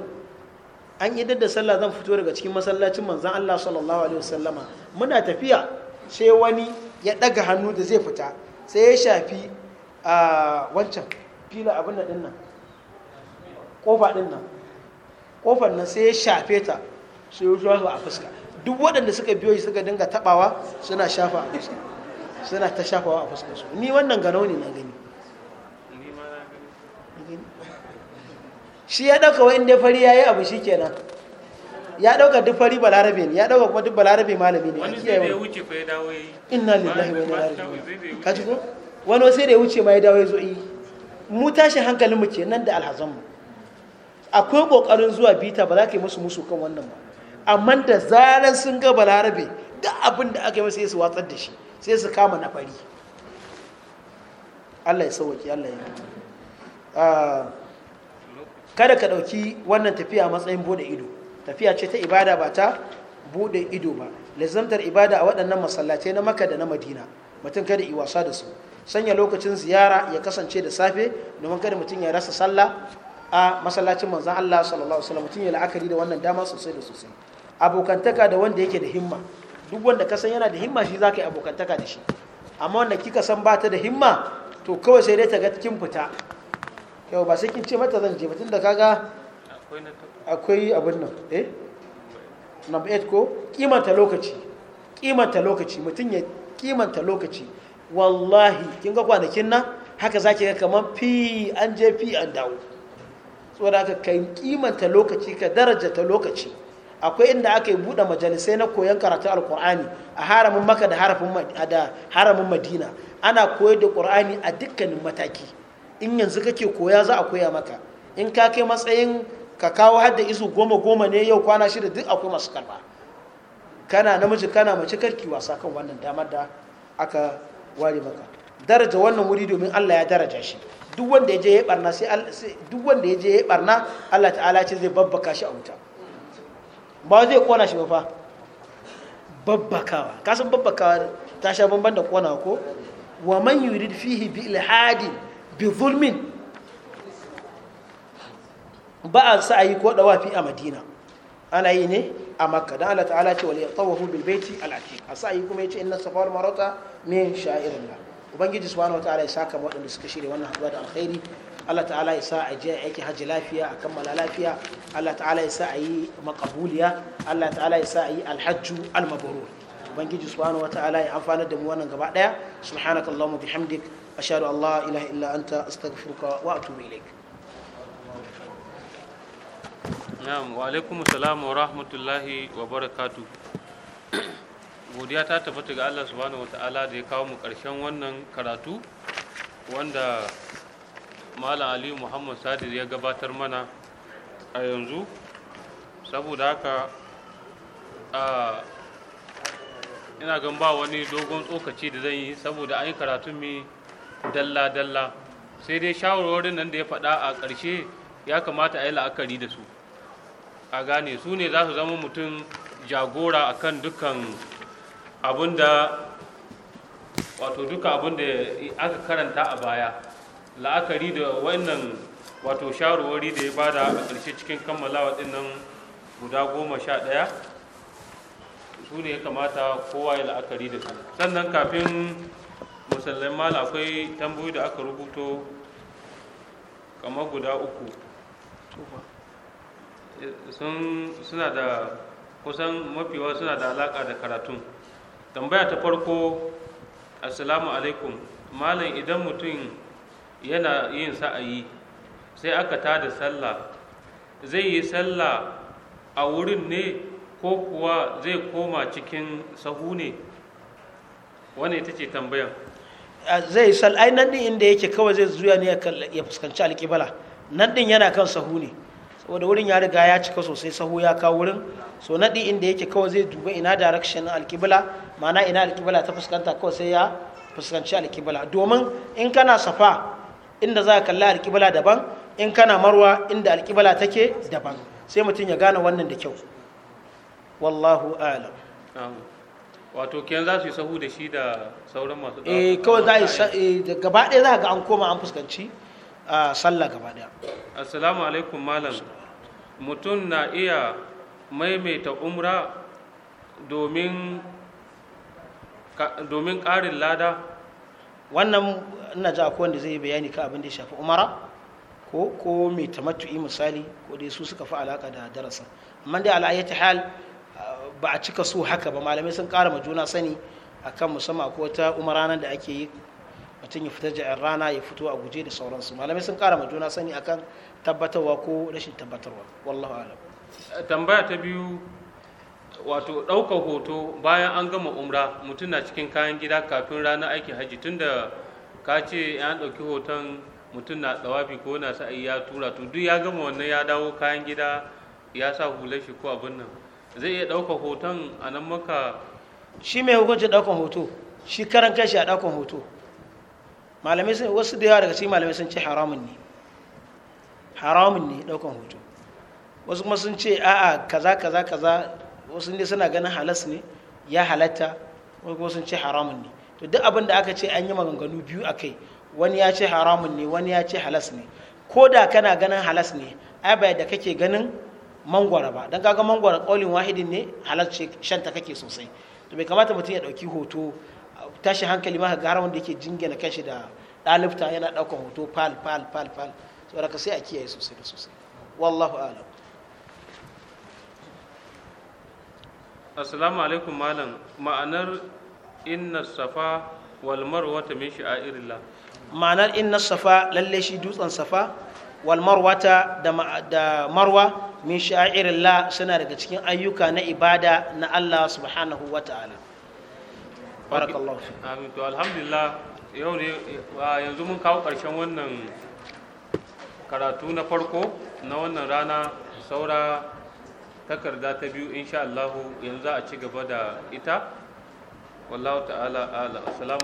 an yi dadda sallah zan fito daga cikin masallacin manzon Allah sallallahu alaihi wasallama muna tafiya sai wani ya daga hannu da zai fita sai ya shafi a wancan fila abin da dinnan kofa dinnan kofar nan sai ya shafe ta sai ya zuwa a fuska duk waɗanda suka biyo suka dinga tabawa suna shafa a fuska suna ta shafawa a fuska su ni wannan gano ne na gani shi ya ɗauka wa'in da fari ya yi abu shi kenan ya ɗauka duk fari balarabe ne ya ɗauka kuma duk balarabe malami ne wani zai bai wuce fa ya dawo yi inna lillahi wa inna ka ci ko wani sai da ya wuce ma ya dawo ya zo yi eh, mu tashi hankalin mu kenan da alhazan mu akwai kokarin zuwa bita ba za ka yi musu musu kan wannan ba amma da zaran sun ga balarabe duk abin da aka yi masa su watsar da shi sai su kama na fari Allah ya sauwaki Allah ya ah, kada ka ɗauki wannan tafiya matsayin bude ido tafiya ce ta ibada ba ta bude ido ba lazantar ibada a waɗannan masallatai na maka da na madina mutum kada i wasa da su sanya lokacin ziyara ya kasance da safe domin kada mutum ya rasa sallah a masallacin manzan Allah sallallahu alaihi wasallam mutum ya la'akari da wannan dama sosai da sosai abokantaka da wanda yake da himma duk wanda ka san yana da himma shi zaka yi abokantaka da shi amma wanda kika san ba ta da himma to kawai sai dai ta ga kin fita yau ba sai kin ce mata zan je ba tunda kaga akwai abin nan eh number 8 ko kimanta lokaci kimanta lokaci mutum ya kimanta lokaci wallahi kin ga kwanakin nan haka zaki ga kamar fi an je fi an dawo saboda haka kan kimanta lokaci ka daraja ta lokaci akwai inda aka yi buɗe majalisai na koyan karatu alkur'ani a haramin maka da haramin madina ana koyar da ƙur'ani a dukkanin mataki in yanzu kake koya za a koya maka in ka kai matsayin ka kawo hadda isu goma goma ne yau kwana shida duk akwai masu karba kana namiji kana mace karki wasa kan wannan damar da aka ware maka daraja wannan wuri domin Allah ya daraja shi duk wanda ya je ya barna sai duk wanda ya je ya barna Allah ta'ala ce zai babbaka shi a wuta ba zai kona shi ba fa babbakawa kasan babbakawa ta sha bamban da kona ko wa man yurid fihi bi ilhadi bi zulmin ba a sa ko dawafi a madina ana yi ne a makka dan Allah ta'ala ce wal yatawafu bil baiti al atiq asai kuma yace inna safa wal marwa min sha'irillah ubangiji subhanahu wataala ya saka wadanda suka shirya wannan haɗuwa da alkhairi Allah ta'ala ya sa a je aiki lafiya a kammala lafiya Allah ta'ala ya sa a yi makabuliya Allah ta'ala ya sa a yi alhajju almabrur ubangiji subhanahu wataala ya amfanar da mu wannan gaba daya subhanakallahumma bihamdik ashhadu an la ilaha illa anta astaghfiruka wa atubu ilaik na'am wa alaikum salam wa rahmatullahi wa barakatu godiya ta tabbata ga Allah subhanahu wa ta'ala da ya kawo mu karshen wannan karatu wanda malam aliyu muhammad sadir ya gabatar mana a yanzu saboda haka a ina gan ba wani dogon tsokaci da zan yi saboda an yi karatu mi dalla-dalla sai dai shawarwarin nan da ya faɗa a ƙarshe ya kamata a yi la'akari da su a gane su ne za su zama mutum jagora akan dukkan abin da wato duka abin da aka karanta a baya la'akari da wannan wato shawarwari da ya bada a ƙarshe cikin kammalawa dinnan guda goma sha ɗaya su ne ya kamata kowa ya la'akari da su sannan kafin musallin akwai tambayoyi da aka rubuto kamar guda uku suna da kusan mafiwa suna da alaka da karatun tambaya ta farko assalamu alaikum malam idan mutum yana yin sa'ayi sai aka tada sallah zai yi sallah a wurin ne ko kuwa zai koma cikin sahu ne wani ita ce tambayan zai sal ai nan din inda yake kawai zai zuya ne ya fuskanci alƙibala nan din yana kan sahu ne saboda wurin ya riga ya cika sosai sahu ya kawo wurin so naɗi inda yake kawai zai duba ina direction alkibla ma'ana ina alkibla ta fuskanta kawai sai ya fuskanci alkibla domin in kana safa inda za ka kalli alkibla daban in kana marwa inda alkibla take daban sai mutum ya gane wannan da kyau wallahu alam wato kiyan za su yi sahu da shi da sauran masu eh kawai za a yi eh, gaba ɗaya za ga an koma an fuskanci ah, sallah gaba ɗaya assalamu alaikum malam mutum na iya maimaita umra domin ƙarin lada wannan ina ji akwai wanda zai bayani ka abin da ya shafi umara ko ko mai tamattu'i misali ko dai su suka fi alaka da darasa amma dai al'ayyata hal ba a cika so haka ba malamai sun ƙara ma juna sani akan musamman ko ta umara da ake yi mutum ya fitar da rana ya fito a guje da sauransu malamai sun kara ma juna sani akan tabbatarwa ko rashin tabbatarwa wallahu alam tambaya ta biyu wato ɗaukar hoto bayan an gama umra mutum na cikin kayan gida kafin ranar aikin hajji tunda ka ce an ɗauki hoton mutum na tsawafi ko na sa'ayi ya tura to duk ya gama wannan ya dawo kayan gida ya sa hular shi ko abin nan zai iya ɗaukar hoton a nan maka shi mai hukuncin ɗaukar hoto shi karan kashi a ɗaukar hoto malamai sun wasu da yawa daga cikin malamai sun ce haramun ne haramun ne daukan hoto wasu kuma sun ce a'a kaza kaza kaza wasu ne suna ganin halas ne ya halatta wasu kuma sun ce haramun ne to duk abin da aka ce an yi maganganu biyu a kai wani ya ce haramun ne wani ya ce halas ne ko da kana ganin halas ne ai bai da kake ganin mangwara ba don kaga mangwara kaulin wahidin ne halas ce shanta kake sosai to bai kamata mutum ya ɗauki hoto tashi hankali ma ga wanda yake jingina kanshi da ɗalibta yana ɗaukar hoto fal fal fal fal saboda ka sai a kiyaye sosai da sosai wallahu alam assalamu alaikum malam ma'anar inna safa wal marwata min sha'irillah ma'anar inna safa lalle shi dutsen safa wal marwata da marwa min sha'irillah suna daga cikin ayyuka na ibada na Allah subhanahu wa ta'ala barakallahu fi amin to alhamdulillah yau ne yanzu mun kawo ƙarshen wannan karatu na farko na wannan rana saura takarda ta biyu insha Allah yanzu a ci gaba da ita wallahu ta'ala ala assalamu